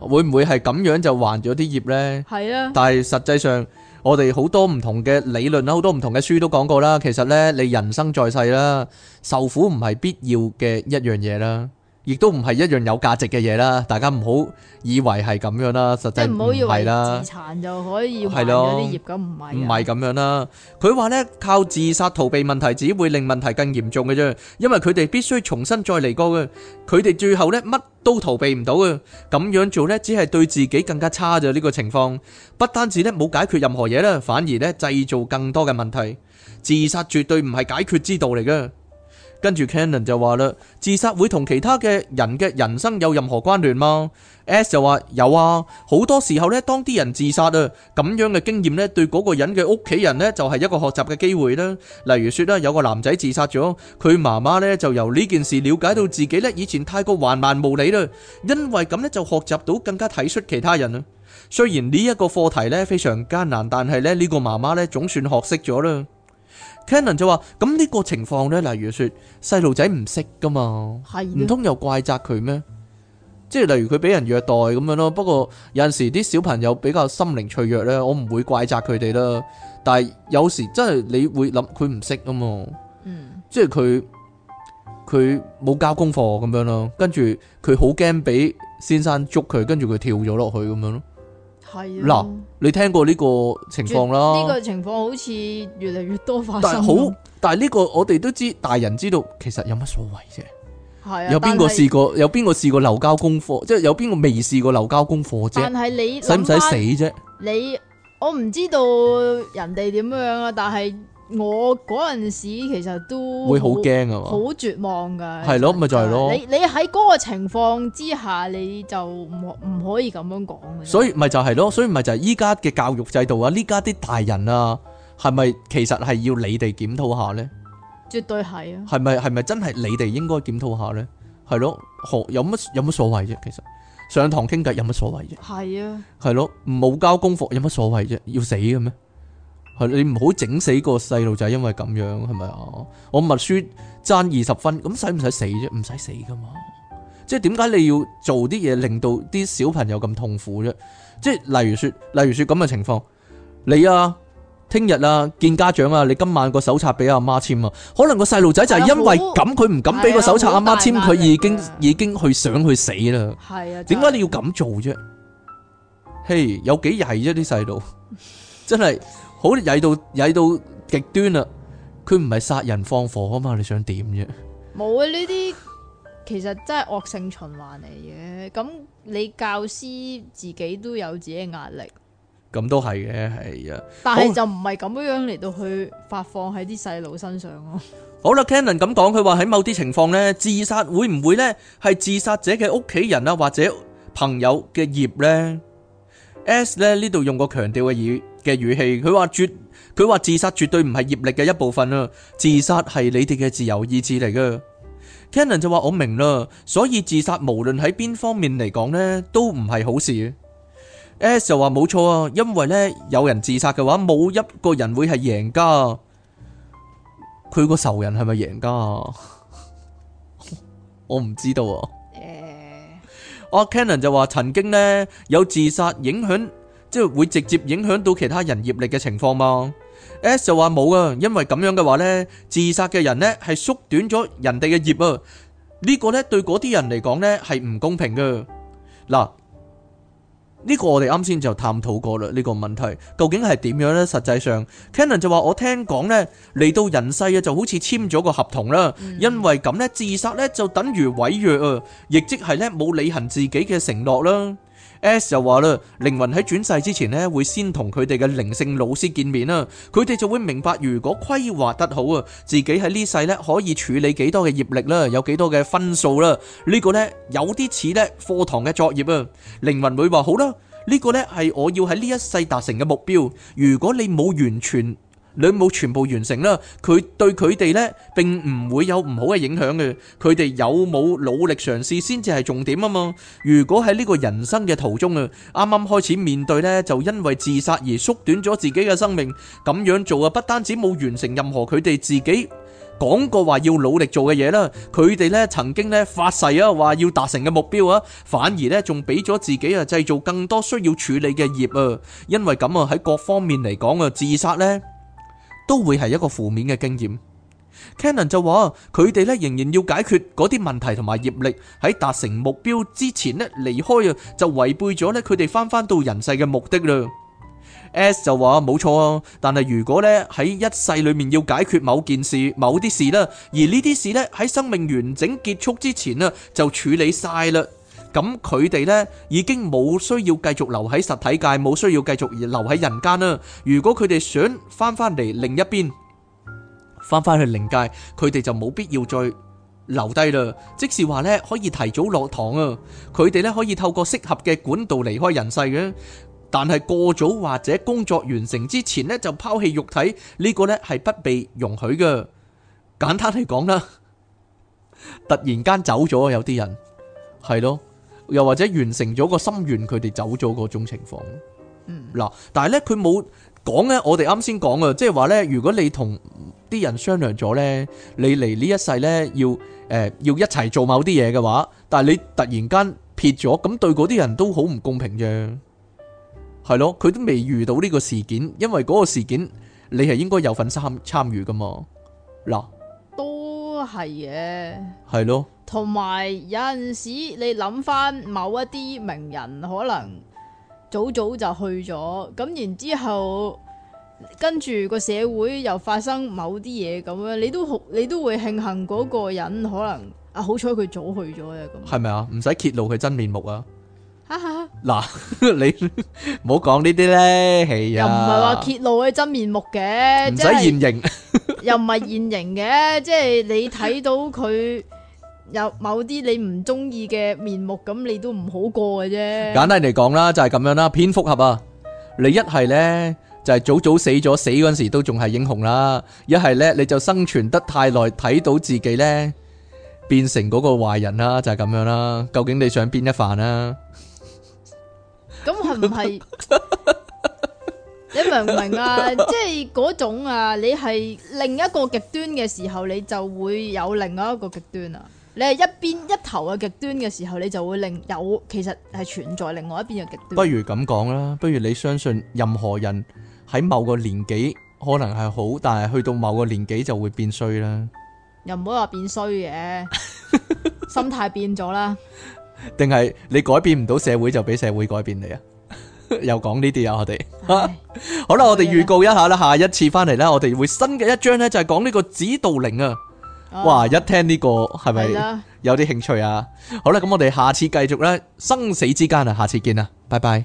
Speaker 1: 會唔會係咁樣就還咗啲業呢？係啊，但係實際上我哋好多唔同嘅理論啦，好多唔同嘅書都講過啦。其實呢，你人生在世啦，受苦唔係必要嘅一樣嘢啦。亦都唔係一樣有價值嘅嘢啦，大家唔好以為係咁樣啦，實際唔係啦。以為自
Speaker 2: 殘就可以換咗啲業咁，
Speaker 1: 唔係唔係咁樣啦。佢話呢，靠自殺逃避問題，只會令問題更嚴重嘅啫。因為佢哋必須重新再嚟過嘅，佢哋最後呢，乜都逃避唔到嘅。咁樣做呢，只係對自己更加差咗呢個情況。不單止呢，冇解決任何嘢啦，反而呢，製造更多嘅問題。自殺絕對唔係解決之道嚟嘅。跟住 Cannon 就話啦，自殺會同其他嘅人嘅人生有任何關聯嗎？S 就話有啊，好多時候呢，當啲人自殺啊，咁樣嘅經驗呢，對嗰個人嘅屋企人呢，就係一個學習嘅機會啦。例如說啦，有個男仔自殺咗，佢媽媽呢，就由呢件事了解到自己呢，以前太過橫蠻無理啦，因為咁呢，就學習到更加體恤其他人啊。雖然呢一個課題呢，非常艱難，但係呢，呢個媽媽呢，總算學識咗啦。Canon 就話咁呢個情況呢，例如說細路仔唔識噶嘛，唔通的又怪責佢咩？即係例如佢俾人虐待咁樣咯。不過有陣時啲小朋友比較心靈脆弱呢，我唔會怪責佢哋啦。但係有時真係你會諗佢唔識啊嘛，嗯，即係佢佢冇交功課咁樣咯，跟住佢好驚俾先生捉佢，跟住佢跳咗落去咁樣咯。係嗱，啊、你聽過呢個情況啦？呢個
Speaker 2: 情況好似越嚟越多發生。但係好，
Speaker 1: 但係呢個我哋都知，大人知道其實有乜所謂啫。係、
Speaker 2: 啊、有邊個試過？
Speaker 1: 是有邊個試過漏交功課？即係有邊個未試過漏交功課啫？但
Speaker 2: 係你使唔使死啫？你我唔知道人哋點樣啊，但係。我嗰陣時其實都會好驚啊，好絕望噶，係咯，咪就係
Speaker 1: 咪就係咯。你
Speaker 2: 你喺嗰個情況之下，你就唔唔可以咁樣講嘅。
Speaker 1: 所以咪就係咯，所以咪就係依家嘅教育制度啊，呢家啲大人啊，係咪其實係要你哋檢討下咧？
Speaker 2: 絕對係啊。係咪係
Speaker 1: 咪真係你哋應該檢討下咧？係咯，學有乜有乜所謂啫？其實上堂傾偈有乜所謂啫？係啊的。係咯，冇交功課有乜所謂啫？要死嘅咩？係你唔好整死個細路仔，因為咁樣係咪啊？我默書爭二十分，咁使唔使死啫？唔使死噶嘛？即係點解你要做啲嘢令到啲小朋友咁痛苦啫？即係例如說，例如說咁嘅情況，你啊，聽日啊，見家長啊，你今晚個手冊俾阿媽簽啊，可能個細路仔就係因為咁，佢唔敢俾個手冊阿媽簽，佢已經已經去想去死啦。係啊，點解你要咁做啫？嘿，有幾曳啫，啲細路，真係。 好曳到曳到極端啦！佢唔係殺人放火啊嘛！你想點啫？
Speaker 2: 冇啊！呢啲其實真係惡性循環嚟嘅。咁你教師自己都有自己嘅壓力，
Speaker 1: 咁都係嘅，係啊。但係
Speaker 2: 就唔係咁樣嚟到去發放喺啲細路身上咯。
Speaker 1: 好啦，Cannon 咁講，佢話喺某啲情況咧，自殺會唔會咧係自殺者嘅屋企人啊或者朋友嘅業咧？S 咧呢度用個強調嘅語。嘅語氣，佢話絕，佢話自殺絕對唔係業力嘅一部分啊！自殺係你哋嘅自由意志嚟噶。Cannon 就話我明啦，所以自殺無論喺邊方面嚟講咧，都唔係好事。S 就話冇錯啊，因為咧有人自殺嘅話，冇一個人會係贏家。佢個仇人係咪贏家？我唔知道啊。阿 Cannon 就話曾經咧有自殺影響。即係會直接影響到其他人業力嘅情況嘛？S 就話冇啊，因為咁樣嘅話咧，自殺嘅人咧係縮短咗人哋嘅業啊，呢個咧對嗰啲人嚟講咧係唔公平噶。嗱，呢個我哋啱先就探討過啦，呢個問題究竟係點樣咧？實際上，Canon 就話我聽講咧，嚟到人世啊就好似簽咗個合同啦，因為咁咧自殺咧就等於毀約啊，亦即係咧冇履行自己嘅承諾啦。S, S 就話啦，靈魂喺轉世之前呢，會先同佢哋嘅靈性老師見面啦，佢哋就會明白如果規劃得好啊，自己喺呢世呢可以處理幾多嘅業力啦，有幾多嘅分數啦，呢、這個呢，有啲似呢課堂嘅作業啊。靈魂會話好啦，呢、這個呢係我要喺呢一世達成嘅目標，如果你冇完全。你冇全部完成啦，佢對佢哋呢並唔會有唔好嘅影響嘅。佢哋有冇努力嘗試先至係重點啊嘛？如果喺呢個人生嘅途中啊，啱啱開始面對呢，就因為自殺而縮短咗自己嘅生命，咁樣做啊，不單止冇完成任何佢哋自己講過話要努力做嘅嘢啦，佢哋呢曾經呢發誓啊，話要達成嘅目標啊，反而呢仲俾咗自己啊製造更多需要處理嘅業啊，因為咁啊，喺各方面嚟講啊，自殺呢。都會係一個負面嘅經驗。Canon 就話佢哋咧仍然要解決嗰啲問題同埋業力喺達成目標之前咧離開啊，就違背咗咧佢哋返返到人世嘅目的啦。S 就話冇錯啊，但係如果咧喺一世裏面要解決某件事、某啲事啦，而呢啲事咧喺生命完整結束之前咧就處理晒啦。咁佢哋呢已經冇需要繼續留喺實體界，冇需要繼續而留喺人間啦。如果佢哋想翻返嚟另一邊，翻返去靈界，佢哋就冇必要再留低啦。即是話呢，可以提早落堂啊。佢哋呢可以透過適合嘅管道離開人世嘅。但係過早或者工作完成之前呢，就拋棄肉體呢個呢係不被容許嘅。簡單嚟講啦，突然間走咗，有啲人係咯。又或者完成咗個心願，佢哋走咗嗰種情況。嗯，嗱，但係咧，佢冇講咧。我哋啱先講嘅，即係話咧，如果你同啲人商量咗咧，你嚟呢一世咧要誒、呃、要一齊做某啲嘢嘅話，但係你突然間撇咗，咁對嗰啲人都好唔公平啫。係咯，佢都未遇到呢個事件，因為嗰個事件你係應該有份參參與噶嘛。嗱，
Speaker 2: 都係嘅，係咯。同埋有陣時，你諗翻某一啲名人，可能早早就去咗，咁然之後跟住個社會又發生某啲嘢咁樣，你都好，你都會慶幸嗰個人可能啊好彩佢早去咗啊咁。
Speaker 1: 係咪啊？唔使揭露佢真面目啊！哈哈！嗱喏， 你唔好講呢啲咧，係又唔係話揭
Speaker 2: 露佢真面目嘅，唔使現形是， 又唔係現形嘅，即係 你睇到佢。有某啲你唔中意嘅面目，咁你都唔好過嘅啫。簡
Speaker 1: 單嚟講啦，就係咁樣啦，蝙蝠俠啊。你一係咧就係早早死咗，死嗰陣時都仲係英雄啦；一係咧你就生存得太耐，睇到自己咧變成嗰個壞人啦，就係咁樣啦。究竟你想邊一範啊？
Speaker 2: 咁係唔係？你明唔明啊？即係嗰種啊，你係另一個極端嘅時候，你就會有另外一個極端啊。你係一邊一頭嘅極端嘅時候，你就會另有其實係存在另外一邊嘅極端。不如
Speaker 1: 咁講啦，不如你相信任何人喺某個年紀可能係好，但係去到某個年紀就會變衰 啦。
Speaker 2: 又唔好話變衰嘅，心態變咗啦。
Speaker 1: 定係你改變唔到社會，就俾社會改變你啊？ 又講呢啲啊，我哋。 唉 好啦，吧我哋預告一下啦，下一次翻嚟咧，我哋會新嘅一章咧，就係講呢個指導靈啊。哇！一聽呢個係咪有啲興趣啊？的好啦，咁我哋下次繼續咧生死之間啊，下次見啦，拜拜。